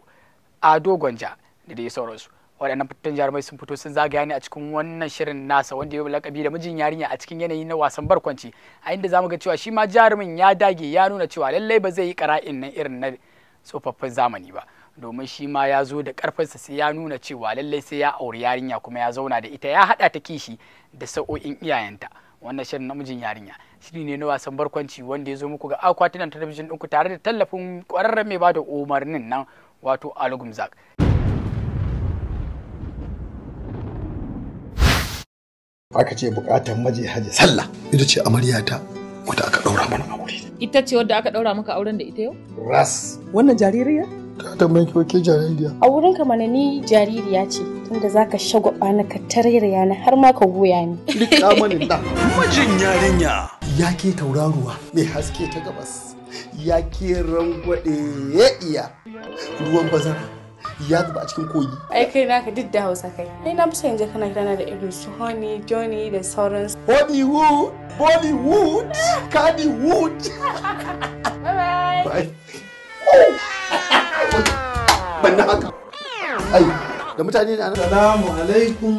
ado gwanja da dai sauransu waɗannan fitattun jarumai sun fito sun zagaya ne a cikin wannan shirin nasa wanda ya lakabi da mijin yarinya a cikin yanayi na wasan barkwanci a inda zamu ga cewa shi ma jarumin ya dage ya nuna cewa lallai ba zai yi ƙara'in nan irin na tsofaffin zamani ba domin shi ma ya zo da karfinsa sai ya nuna cewa lallai sai ya auri yarinya kuma ya zauna da ita ya haɗa ta kishi da sa'o'in iyayenta wannan shirin namijin yarinya shiri ne na wasan barkwanci wanda ya zo muku ga akwatunan talabijin ɗinku tare da tallafin ƙwararren mai ba da umarnin nan wato alugumzak aka ce bukatar maji haji sallah ita ce amaryata wadda aka daura mana aure ita ce wadda aka daura maka auren da ita yau ras wannan jaririya ta tambaye ki jaririya a wurin ka mana ni jaririya ce tunda zaka shagwaba na ka tarairaya na har ma ka goya ni rika mani da majin yarinya ya ke tauraruwa mai haske ta gabas ya ke rangwade ya iya ruwan bazara ya zuba a cikin kogi. Ai kai naka duk da Hausa kai. Ai na fusa yanzu kana gidana da irin su Honey, Johnny da su Hollywood, Bollywood, Kannywood. Bye bye. bye. sauki banna haka ai da mutane ne anan salamu alaikum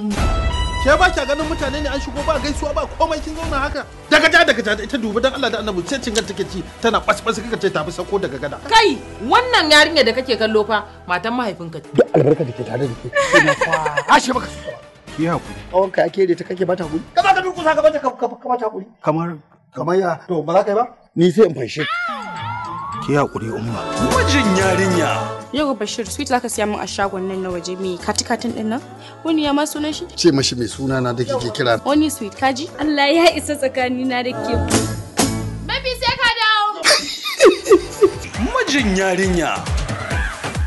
ke ba kya ganin mutane ne an shigo ba gaisuwa ba komai kin zauna haka daga ja daga ja ita dubi dan Allah da Annabi ce cin take ci tana bas bas kika ce tafi sako daga gada kai wannan yarinya da kake kallo fa matan mahaifinka duk albarka da ke tare da ke ashe baka su ki hakuri kawon ka ake da ta kake bata hakuri ka baka durkusa ka bata ka bata hakuri kamar kamar ya to ba za ka yi ba ni sai in fanshe ke hakuri umma wajin yarinya yau bashir sweet zaka siya min a shagon nan na waje mai katikatin din nan wani ya ma sunan shi ce mashi mai suna na da kike kira wani sweet kaji Allah ya isa tsakani na da ke baby sai ka dawo mijin yarinya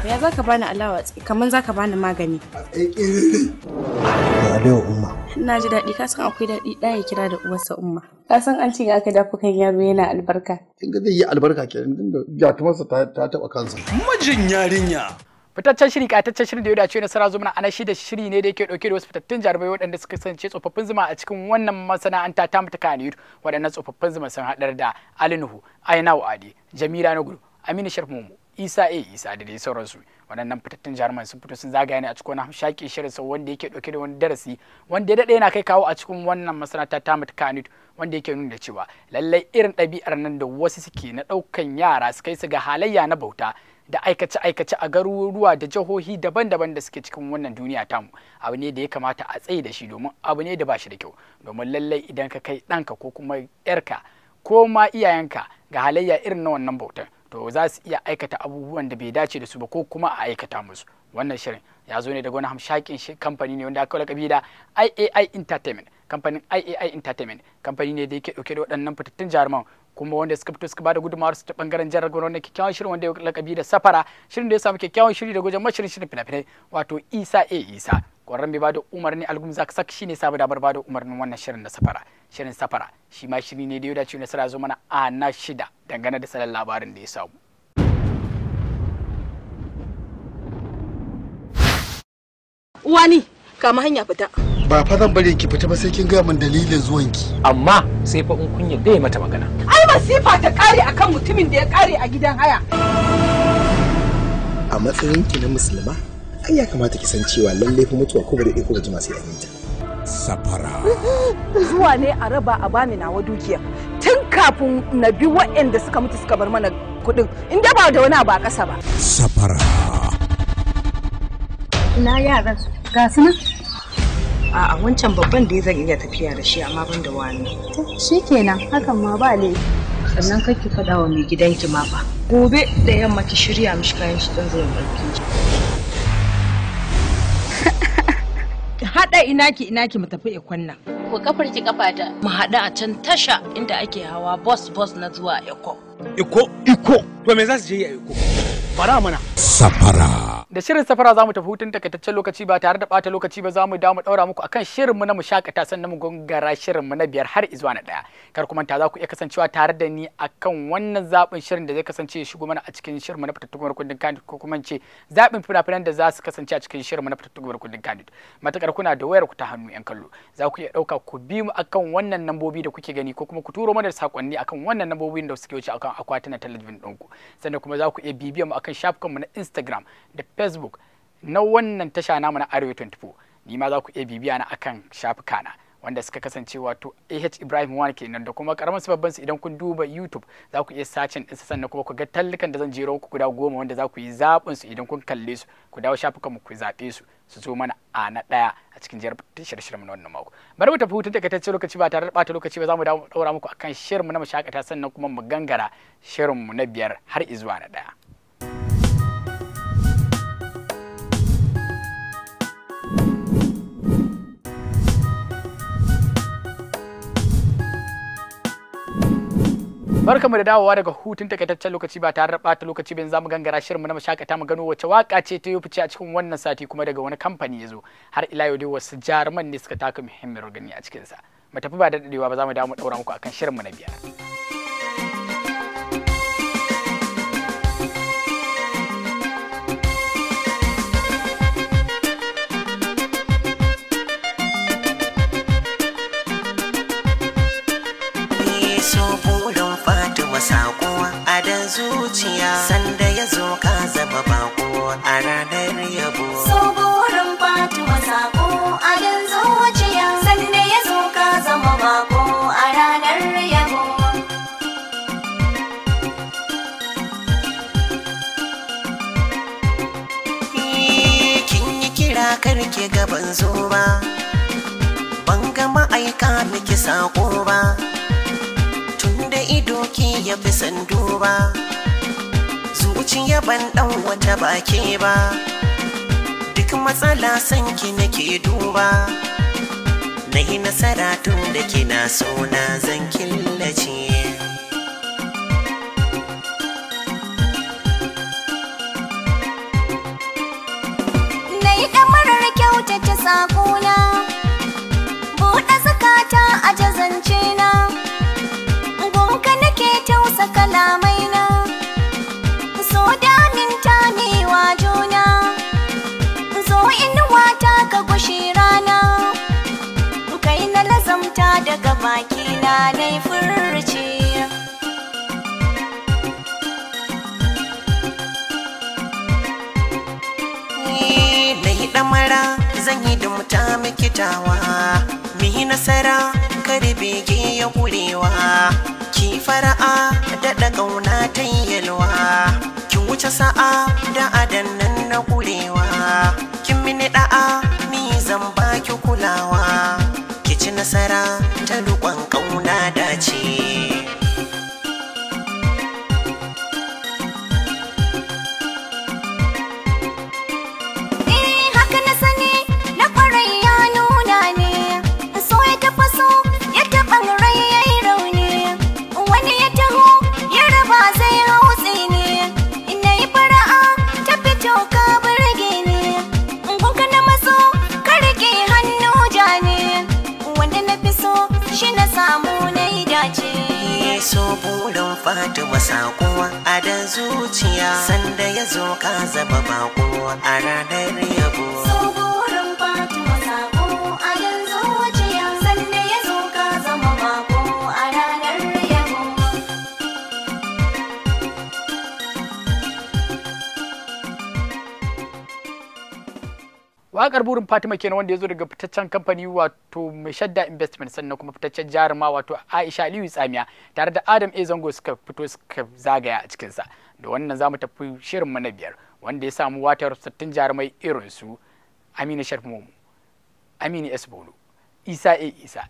ya za ka bani alawa kamar za ka bani magani alewa umma na ji daɗi ka san akwai daɗi ɗaya kira da uwarsa umma ka san an ce aka dafa kan yaro yana albarka kin ga zai yi albarka kenan tunda gatumarsa ta taɓa kansa mijin yarinya fitaccen shiri kataccen shiri da ya dace nasara zuma ana shi da shiri ne da yake dauke da wasu fitattun jarumai waɗanda suka sance tsofaffin zuma a cikin wannan masana'anta ta mutaka ne Niyut waɗannan tsofaffin zuma sun haɗar da alinuhu Nuhu, Ainawu Adi, Jamila Nuguru, Aminu Sharif Momo, isa a eh, isa da dai sauransu waɗannan fitattun jaruman sun fito sun zagaya ne a cikin wani shaƙi shirin sau wanda yake ɗauke da wani darasi wanda ya daɗe yana kai kawo a cikin wannan masana ta mutu kanit wanda yake nuna cewa lallai irin ɗabi'ar nan da wasu suke na ɗaukan yara su kai su ga halayya na bauta da aikace-aikace a garuruwa da jihohi daban-daban da suke cikin wannan duniya tamu abu ne da ya kamata a tsaye da shi domin abu ne da ba shi da kyau domin lallai idan ka kai ɗanka ko kuma 'yarka ko ma iyayenka ga halayya irin na wannan bautar to za su iya aikata abubuwan da bai dace da su ba ko kuma a aikata musu wannan shirin ya zo ne daga wani hamshakin kamfani ne wanda aka lakabi da IAI Entertainment kamfanin IAI Entertainment kamfani ne da yake dauke da waɗannan fitattun jaruman kuma wanda suka fito suka bada gudunmawar su ta bangaren jihar Gombe wannan kyakkyawan shirin wanda ya lakabi da Safara shirin da ya samu kyakkyawan shiri da gujen mashirin shirin fina-finai wato Isa A Isa ƙwarren mai bada umarni algum zak sak shine sabu damar bada umarnin wannan shirin na safara shirin safara shi ma shiri ne da ya dace nasara zo mana a na shida dangane da salon labarin da ya samu Wani, kama hanya fita ba fa zan bari ki fita ba sai kin gaya min dalilin zuwan ki amma sai fa in kun yarda mata magana ai masifa ta kare akan mutumin da ya kare a gidan haya a matsayin ki na musulma ai ya kamata ki san cewa lallai fa mutuwa ko ba da ko ba jima sai an safara zuwa ne a raba a bani nawa dukiya tun kafin na bi wa'anda suka mutu suka bar mana kuɗin in da ba da wani ba ƙasa ba safara na yaran ga su nan a'a wancan babban da zan iya tafiya da shi amma ban da wani kenan hakan ma ba ne. sannan kake faɗa wa mai gidanki ma ba gobe da yamma ki shirya mishi kayan shi don zuwa banki. haɗa inaki inaki mu tafi ikon nan. Ku kafar ki kafa ta. Mu haɗu a can tasha inda ake hawa bus bus na zuwa Eko. Eko? Eko? To me za su je yi a Eko? bara mana safara da shirin safara za mu tafi hutun takaitaccen lokaci ba tare da bata lokaci ba za mu damu daura muku akan shirin mu na mu shakata sannan mu gongara shirin mu na biyar har izuwa na daya kar kuma ta za ku iya kasancewa tare da ni akan wannan zaɓin shirin da zai kasance ya shigo mana a cikin shirin mu na fitattukun kundin kandid ko kuma ce zaɓin fina-finan da za su kasance a cikin shirin mu na fitattukun kundin kandid matakar kuna da wayar ku ta hannu yan kallo za ku iya ɗauka ku bi mu akan wannan nambobi da kuke gani ko kuma ku turo mana da sakonni akan wannan nambobin da suke wuce akan akwatunan talabijin ɗinku sannan kuma za ku iya bibiya mu akan shafukanmu na Instagram da Facebook na wannan tasha namu na Arewa 24 ni ma za ku iya bibiya na akan shafuka na wanda suka kasance wato AH Ibrahim Wani kenan da kuma karamin babban su idan kun duba YouTube za ku iya sacin din sannan kuma ku ga tallukan da zan jero ku guda goma wanda za ku yi zaɓin su idan kun kalle su ku dawo shafukanmu ku zaɓe su su zo mana a na ɗaya a cikin jihar shirye-shiryen na wannan mako bari mu tafi hutun takaitacce lokaci ba tare da ɓata lokaci ba za mu dawo daura muku akan shirinmu na mashakata sannan kuma mu gangara shirinmu na biyar har zuwa na ɗaya. mu da dawowa daga hutun takaitaccen lokaci ba tare da bata lokaci bin zamu gangara shirinmu na mashakata mu gano wace waka ce ta yi fice a cikin wannan sati kuma daga wani kamfani ya zo har ila yau dai wasu jaruman ne suka taka muhimmiyar gani a cikinsa. Mu tafi ba da daɗewa ba za mu dawo mu daura muku akan shirinmu na biyar. zuciya sanda ya zo ka zama bako a ranar yabo so burin fatima sako a yin zuciya sanda ya zo ka zama bako a ranar yabo kin yi kira karke gaban zo ban ga ma'aika miki sako ba ya fi sando ba zuciya ban dan wata bake ba duk matsala san sanki nake duba na yi nasara tun da kina so na zan killace na yi ta kyautata na buɗe zukata a jazance na amsa kalamai na so da ne wa juna zo inuwa ta ka gushe rana kai na lazamta daga bakina baki na dai furci damara zan yi da muta mikitawa mi nasara kar bege ya kurewa ki fara'a daɗa ƙauna ta yalwa ki wuce sa'a da adannan na ƙurewa, kin mini da'a ni zan baki kulawa ki ci nasara zuciya sanda ya zo ka zaba bako a ranar yabo Waƙar burin Fatima kenan wanda ya zo daga fitaccen kamfani wato mai shadda investment sannan kuma fitaccen jaruma wato Aisha Aliyu Tsamiya tare da Adam A Zango suka fito suka zagaya a cikinsa. da wannan za mu tafi shirin mu na biyar wanda ya samu watar sattin jarumai irin su aminu sharif momo aminu s isa a isa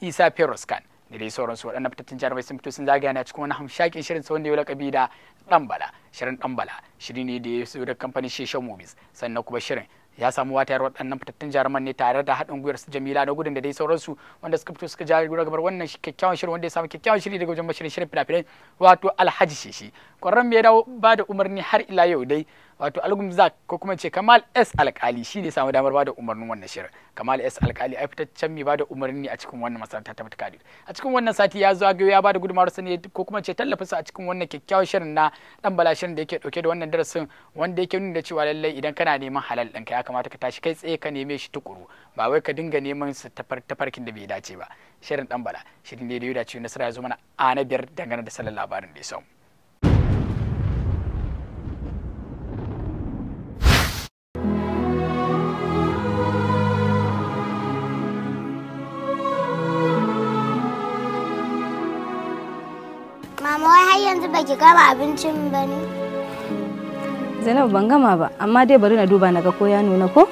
isa feroz khan da dai sauransu waɗannan fitattun jarumai sun fito sun zagaya na cikin wani hamshakin shirin sa wanda ya lakabi da ɗanbala shirin ɗanbala shiri ne da ya so da kamfanin sheshen movies sannan kuma shirin ya samu watayar waɗannan fitattun jaruman ne tare da haɗin gwiwar su jamila na gudun da dai sauransu wanda suka fito suka jari gura gabar wannan kyakkyawan shirin wanda ya samu kyakkyawan shiri daga wajen mashirin shirin fina-finai wato alhaji shi shi ƙwararren ya dawo ba da umarni har ila yau dai wato algumzak ko kuma ce kamal s alkali shi ne samu damar bada umarnin wannan shirin kamal s alkali a fitaccen mai bada umarni a cikin wannan masarauta ta mutakadi a cikin wannan sati ya zo ya bada gudunmawar sani ko kuma ce tallafinsa a cikin wannan kyakkyawan shirin na dan bala shirin da yake dauke da wannan darasin wanda yake nuna da cewa lallai idan kana neman halal ɗinka ya kamata ka tashi kai tsaye ka neme shi tukuru ba wai ka dinga neman su tafarkin da bai dace ba shirin dan bala shirin da ya dace nasara ya zo mana a na biyar dangane da salon labarin da ya samu har yanzu baki gama abincin ba ne? ban gama ba, amma dai bari na duba na ga ko ya nuna ko?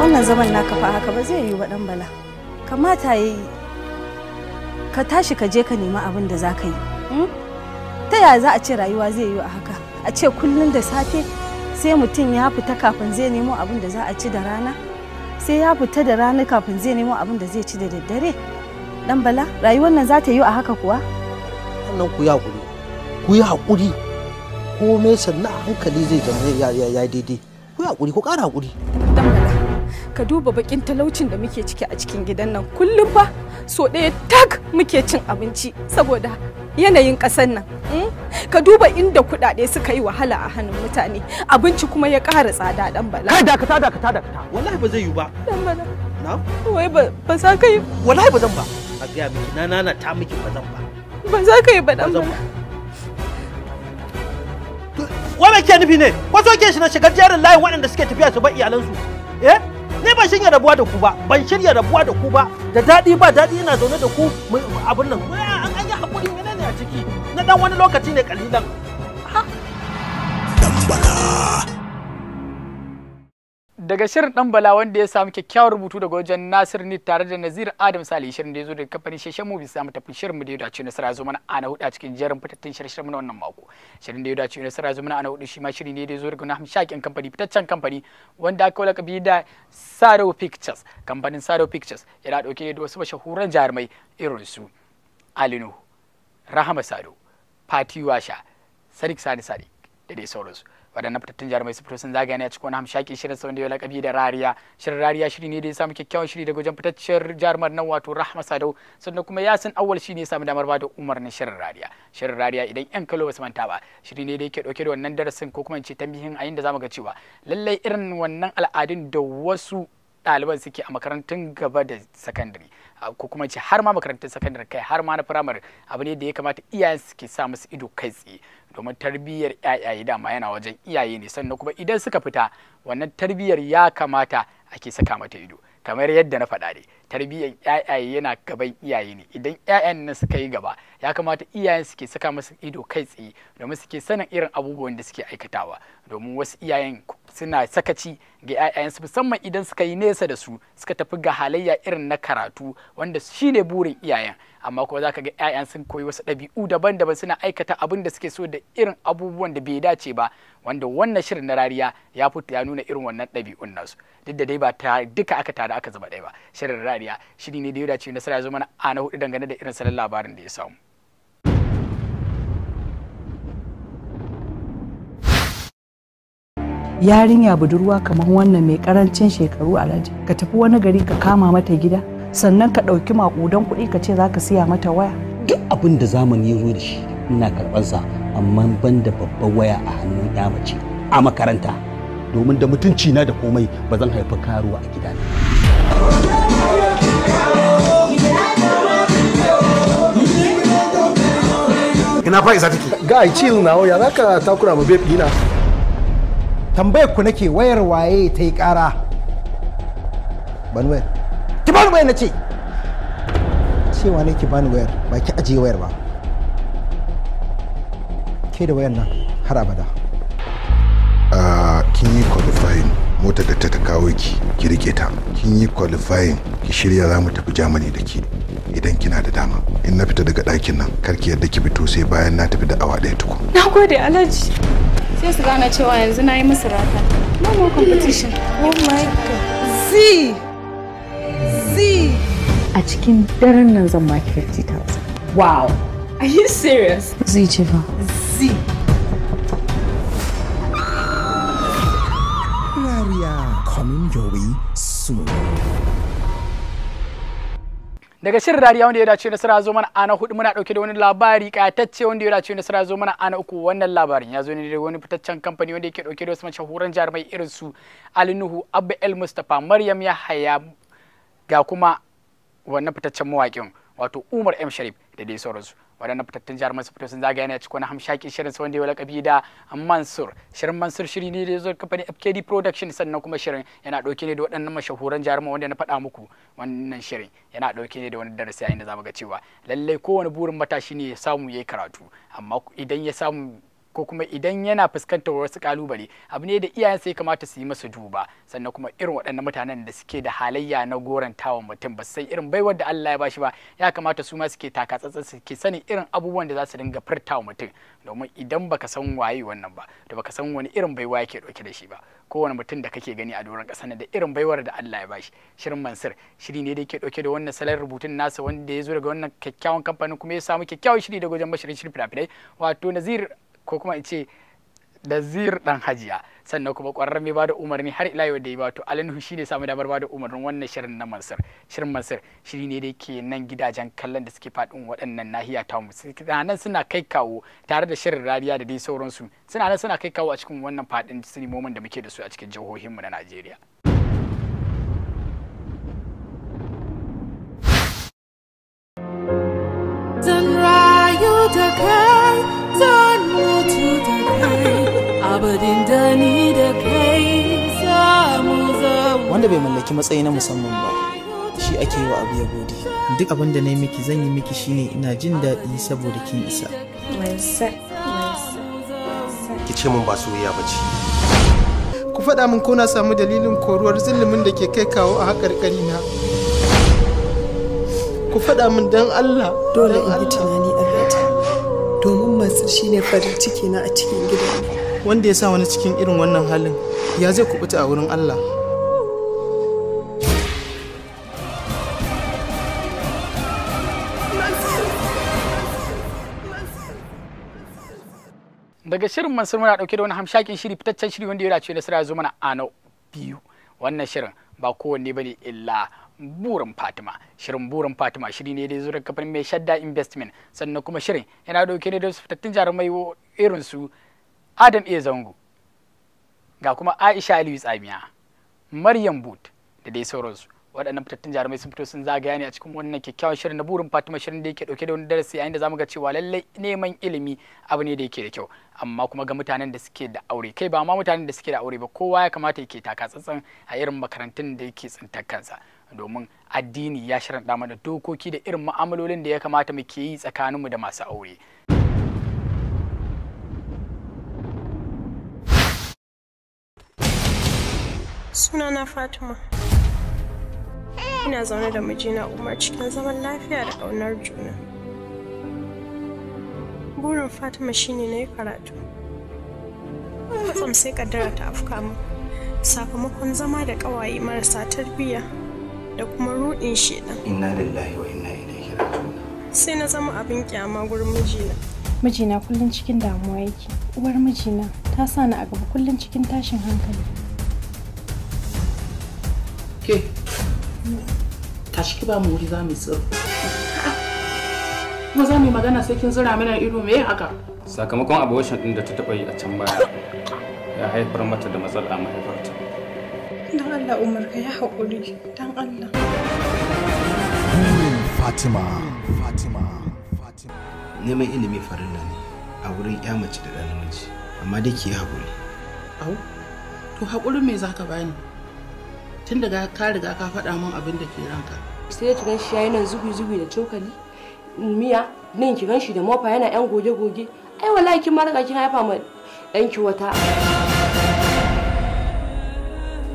Wannan zaman na kafa haka ba zai yi ba dan bala. Kamata ya yi ka tashi ka je ka nemi abin da za ka yi. Hmm? Ta yaya za a ce rayuwa zai yi a haka? A ce kullum da safe sai mutum ya fita kafin zai nemo abin da za a ci da rana? sai ya fita da rana kafin zai nemo abin da zai ci da daddare dan bala rayuwar nan za ta yi a haka kuwa sannan ku ya hakuri ku yi hakuri komai sannan a hankali zai zama ya daidai ku yi hakuri ku ƙara hakuri ka duba bakin talaucin da muke ciki a cikin gidan nan kullum fa so ɗaya tak muke cin abinci saboda yanayin ƙasar nan hmm? ka duba inda kuɗaɗe suka yi wahala a hannun mutane abinci kuma ya ƙara tsada dan bala kai dakata dakata dakata wallahi ba zai yi ba dan bala na wai ba ba za ka yi wallahi ba zan ba a ga miki na nana ta miki ba zan ba ba za ka yi ba dan bala wai me ke nufi ne ko so ke shi na shigar jarin layin waɗanda suke tafiya su bar iyalansu eh ni ban shirya rabuwa da ku ba ban shirya rabuwa da ku ba da daɗi ba daɗi ina zaune da ku abin nan an yi haƙuri a ciki na dan wani lokaci ne kalilan daga shirin dan bala wanda ya samu kyakkyawar rubutu daga wajen nasir ni tare da nazir adam sali shirin da ya zo daga kamfanin sheshen mu bisa mu tafi shirin mu da ya dace nasara ya zo mana ana hudu a cikin jerin fitattun shirin na wannan mako shirin da ya dace nasara ya zo mana ana hudu shi ma shiri ne da ya zo daga na shakin kamfani fitaccen kamfani wanda aka wala kabi da saro pictures kamfanin saro pictures yana dauke da wasu mashahuran jarumai irin su alinu rahama sado fati washa sadik sani sadi da dai sauransu waɗannan fitattun jarumai su fito sun zagaya ne a cikin wani hamshakin shirin sau da ya laƙabi da rariya shirin rariya shiri ne da ya samu kyakkyawan shiri daga wajen fitacciyar jarumar nan wato rahama sadau sannan kuma yasin awwal shi ne ya samu damar bada umarnin shirin rariya shirin rariya idan yan kalo ba su manta ba shiri ne da yake dauke da wannan darasin ko kuma in ce tambihin a inda mu ga cewa lallai irin wannan al'adun da wasu ɗaliban suke a makarantun gaba da sakandare ko kuma ce har ma makarantar sakandare kai har ma na firamare abu ne da ya kamata iyayen su ke sa musu ido kai tsaye domin tarbiyyar yayaye dama yana wajen iyaye ne sannan kuma idan suka fita wannan tarbiyyar ya kamata ake saka mata ido kamar yadda na faɗa ne tarbiyyar yayaye yana gaban iyaye ne idan yayan nan suka yi gaba ya kamata iyayen suke saka masu ido kai tsaye domin suke sanin irin abubuwan da suke aikatawa domin wasu iyayen suna sakaci ga yayan su musamman idan suka yi nesa da su suka tafi ga halayya irin na karatu wanda shine burin iyayen amma kuma zaka ga 'ya'yan sun koyi wasu ɗabi'u daban-daban suna aikata abin da suke so da irin abubuwan da bai dace ba wanda wannan shirin na rariya ya fito ya nuna irin wannan ɗabi'un nasu duk da dai ba ta duka aka tare aka zama ɗaya ba shirin rariya shiri ne da ya dace nasara ya zama na ana hudu dangane da irin salon labarin da ya samu yarinya budurwa kamar wannan mai karancin shekaru alhaji ka tafi wani gari ka kama mata gida sannan ka ɗauki maƙudan kuɗi ka ce za ka siya mata waya duk abin da zamani ya zo da shi ina karɓansa amma ban da babban waya a hannun ya mace a makaranta domin da mutunci na da komai ba zan haifi karuwa a gida ina fa isa take ga ai yin na ya zaka takura ma bebi na. tambayar ku nake wayar waye ta yi kara ban bani wayar na ce cewa ne ki bani wayar ba ki ajiye wayar ba ke da wayar nan har abada ah, kin yi qualifying motar da ta kawo ki ki rike ta kin yi qualifying ki shirya za mu tafi germany da ki idan kina da dama in na fita daga dakin nan karki yadda ki fito sai bayan na tafi da awa daya tuku na gode alhaji sai su gane cewa yanzu na yi musu rata no more competition oh my god z crazy! A cikin daren nan zan fifty 50,000. Wow! Are you serious? Zai ce fa. Zai. Mariya coming your way soon. daga shirin rariya wanda ya dace nasara zo mana ana hudu muna dauke da wani labari kayatacce wanda ya dace nasara zo mana ana uku wannan labarin ya zo ne da wani fitaccen kamfani wanda yake dauke da wasu mashahuran jarumai irin su Ali Nuhu Abba El Mustafa Maryam Yahaya ga kuma wannan fitaccen mawaƙin wato umar m sharif da dai sauransu waɗannan fitattun jihar su fito sun zagaya ne a cikin hamshaki shirin sa wanda ya lakabi da Mansur shirin Mansur shiri ne da ya zo kamfanin FKD Production sannan kuma shirin yana ɗauke ne da waɗannan mashahuran jihar wanda na faɗa muku wannan shirin yana ɗauke ne da wani darasi a inda mu ga cewa lallai kowane burin matashi ne ya samu ya yi karatu amma idan ya samu ko kuma idan yana fuskantar wasu kalubale abu ne da iyayensa ya kamata su yi masa duba sannan kuma irin waɗannan mutanen da suke da halayya na gorantawa mutum ba san irin baiwar da Allah ya bashi ba ya kamata su ma suke taka su ke sanin irin abubuwan da za su dinga wa mutum domin idan baka san waye wannan ba da baka san wani irin baiwa yake dauke da shi ba kowane mutum da kake gani a doron ƙasa da irin baiwar da Allah ya shi shirin Mansir shiri ne da yake dauke da wannan salon rubutun nasa wanda ya zo daga wannan kyakkyawan kamfanin kuma ya samu kyakkyawan shiri daga wajen mashirin shirin fina-finai wato Nazir ko kuma in ce da zir dan hajiya sannan kuma kwararren mai bada umarni har ila yau da ba to alinhu ne samu damar bada umarnin wannan shirin na mansur shirin mansur shiri ne da ke nan gidajen kallon da suke faɗin waɗannan nahiya ta mu nan suna kai kawo tare da shirin rariya da dai sauransu suna nan suna kai kawo a cikin wannan faɗin sinimomin da muke da su a cikin jihohin mu na najeriya rayu da took wanda bai mallaki matsayi na musamman ba shi ake yi wa abu ya gode duk abin da na yi miki zan yi miki shine ina jin daɗi saboda kin isa ki ce mun ba soyayya ba ce ku faɗa min ko na samu dalilin koruwar zulumin da ke kai kawo a haƙarƙari na ku faɗa min don Allah dole in yi tunani a domin masu shine farin ciki na a cikin gidan wanda ya sa wani cikin irin wannan halin ya zai kubuta a wurin Allah daga shirin mansur muna dauke da wani hamshakin shiri fitaccen shiri wanda ya dace da sira zo mana ano biyu wannan shirin ba kowanne bane illa burin fatima shirin burin fatima shiri ne da ya zo daga kafin mai shadda investment sannan kuma shirin yana dauke da su fitattun jarumai irin su Adam A. Zango, ga kuma Aisha Aliyu Tsamiya, Maryam Boot da dai sauransu. waɗannan fitattun jarumai sun fito sun zagaya ne a cikin wannan kyakkyawan shirin na burin Fatima shirin da yake ɗauke da wani darasi yayin da zamu ga cewa lallai neman ilimi abu ne da yake da kyau amma kuma ga mutanen da suke da aure kai ba ma mutanen da suke da aure ba kowa ya kamata yake taka tsantsan a irin makarantun da yake tsintar kansa domin addini ya shirin da dokoki da irin ma'amalolin da ya kamata mu ke yi tsakaninmu da masu aure Suna na Fatima. Ina zaune da mijina Umar cikin zaman lafiya da ƙaunar juna. Burin Fatima shine na yi karatu. Kwatsam sai kaddara ta afka mu. Sakamakon zama da ƙawaye marasa tarbiyya da kuma ruɗin shedan. Inna lillahi wa inna ilaihi raji'un. Sai na zama abin kyama gurin mijina. Mijina kullum cikin damuwa yake. Uwar mijina ta sa ni a gaba kullum cikin tashin hankali. a ki ba mu wuri za mu tsiro kuma za mu yi magana sai kin zura mana ido me haka sakamakon abortion din da ta taba yi a can baya ya haifar mata da matsala a mahaifarta dan Allah Umar ka ya haƙuri dan Allah hmm, Fatima Fatima Fatima neman ilimi farilla ne a wurin ya mace da ɗan namiji amma dai ki haƙuri au to haƙurin me zaka bani tun daga ka riga ka faɗa min abin da ke ranka sai ki ganshi yayi nan zubi-zubi da cokali miya nin ki ganshi da mofa yana yan goge-goge ai wallahi kin ma riga kin haifa ma danki wata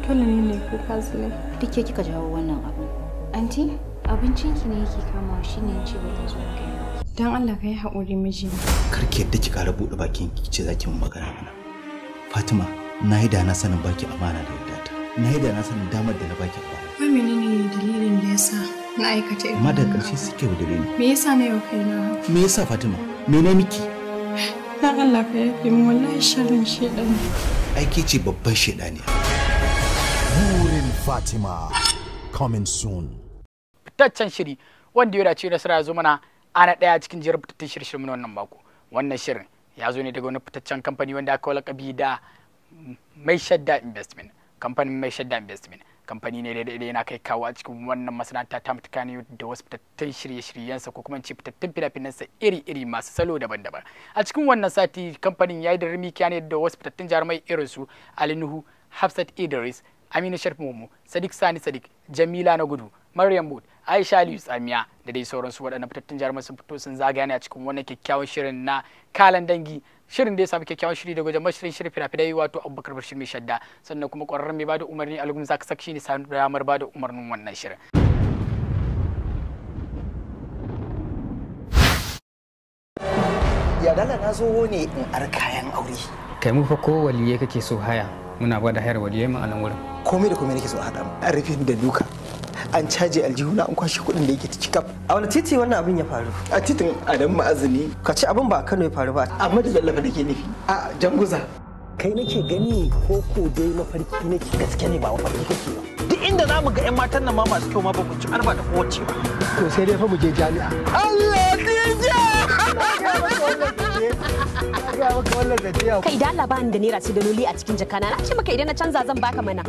dole ne ne ko kazule duk ke kika jawo wannan abin anti abincin ki ne yake kama shi ne yace ba ta zo kai dan Allah kai haƙuri miji kar ki yadda ki ƙara bude bakin ki ce zaki mun magana mana Fatima na yi da na sanin baki amana da yadda ta na yi da na sanin damar da na baki ba wai menene dalilin yasa na aikata irin amma da ƙarshe suke wadare ni me yasa na yau kaina me yasa fatima me na miki dan Allah ka yafe mu wallahi sharrin shedan aiki ce babban shedani burin fatima coming soon fitaccen shiri wanda ya dace nasara ya zo mana ana ɗaya cikin jerin fitattun shirye-shiryen wannan mako wannan shirin ya zo ne daga wani fitaccen kamfani wanda aka kabi da mai shadda investment kamfanin mai shadda investment kamfani ne daidai yana kai kawo a cikin wannan masana'anta ta ne da wasu fitattun shirye-shiryensa ko kuma fitattun fina-finansa iri-iri masu salo daban-daban a cikin wannan sati kamfanin ya yi da rimi ne da wasu fitattun jarumai irin su alinuhu hafsat idris aminu sharif momo sadiq sani sadiq jamila na gudu maryam bud aisha aliyu tsamiya da dai sauransu waɗannan fitattun jarumai sun fito sun zagaya ne a cikin wannan kyakkyawan shirin na kalan dangi shirin da ya samu kyakkyawan shiri daga wajen mashirin shirin fina-finai wato abubakar bashir mai shadda sannan kuma ƙwararren mai bada umarni algum ka sak ne samun damar bada umarnin wannan shirin ya dala na zo ne in ar kayan aure kai mu fa ko waliye kake so haya muna bada hayar waliye mu a nan wurin komai da komai nake so a haɗa rufin da duka an aljihu aljihuna an kwashe kuɗin da yake ciki kaf a wani titi wannan abin ya faru a titin adam ma'azini ka ci abin ba a kano ya faru ba amma da zallafa ke nufi a janguza kai nake gani ko ko dai mafarki nake gaske ne ba mafarki kake ba duk inda za mu ga 'yan matan nan ma masu kyau ma ba ku ci arba da kowace ba to sai dai fa mu je jami'a Allah dija kai da Allah ba ni da naira sai da loli a cikin jakana na ce maka idan na canza zan baka mana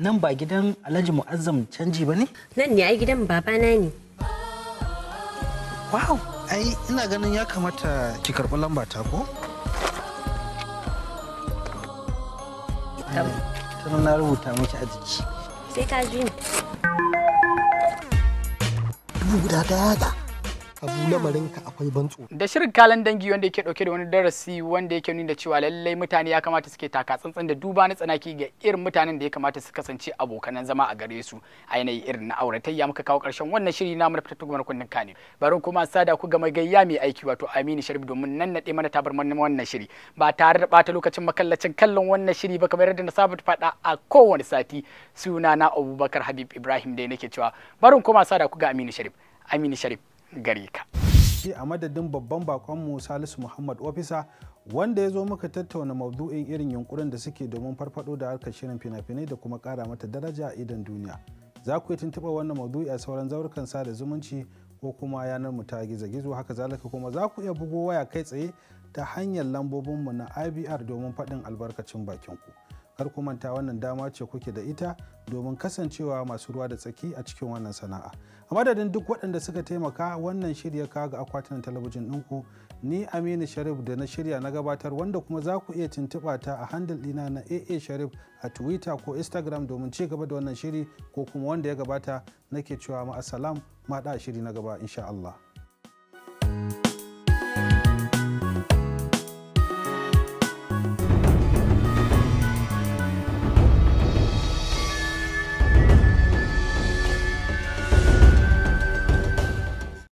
nan ba gidan alhaji mu'azzam canji ba ne nan ne ai gidan babana ne wow ai ina ganin ya kamata ki karɓi lamba ta ko tana na rubuta miki a jiki sai ka ji ni guda ta da abu ka akwai bantso da shirin kalan dangi wanda yake dauke da wani darasi wanda yake nuna cewa lallai mutane ya kamata suke taka tsantsan da duba na tsanaki ga irin mutanen da ya kamata su kasance abokan zama a gare su a yanayi irin na auratayya muka kawo karshen wannan shiri na mana fitattu gwamnati kunnin kane bari kuma sada ku ga gayya mai aiki wato Aminu Sharif domin nan nade mana tabar wannan shiri ba tare da bata lokacin makallacin kallon wannan shiri ba kamar yadda na saba faɗa a kowane sati suna na Abubakar Habib Ibrahim dai nake cewa barin kuma sada ku ga Aminu Sharif Aminu Sharif gare ka. a madadin babban bakonmu salisu muhammad ofisa wanda ya zo muka tattauna maudu'in irin yunkurin da suke domin farfado da harkar shirin fina-finai da kuma kara mata daraja a idan duniya za ku yi tuntuɓa wannan maudu'i a sauran zaurukan sada zumunci ko kuma yanar mu ta gizo-gizo haka zalika kuma za ku iya bugo waya kai tsaye ta hanyar lambobinmu na ibr domin faɗin albarkacin bakin ku har ku manta wannan dama ce kuke da ita domin kasancewa masu ruwa da tsaki a cikin wannan sana'a a madadin duk waɗanda suka taimaka wannan shirya ka ga akwatin talabijin ɗinku ni aminu sharif da na shirya na gabatar wanda kuma za ku iya tuntuɓa ta a handle ɗina na aa sharif a twitter ko instagram domin ci gaba da wannan shiri ko kuma wanda ya gabata nake cewa ma'asalam ma da shiri na gaba insha Allah.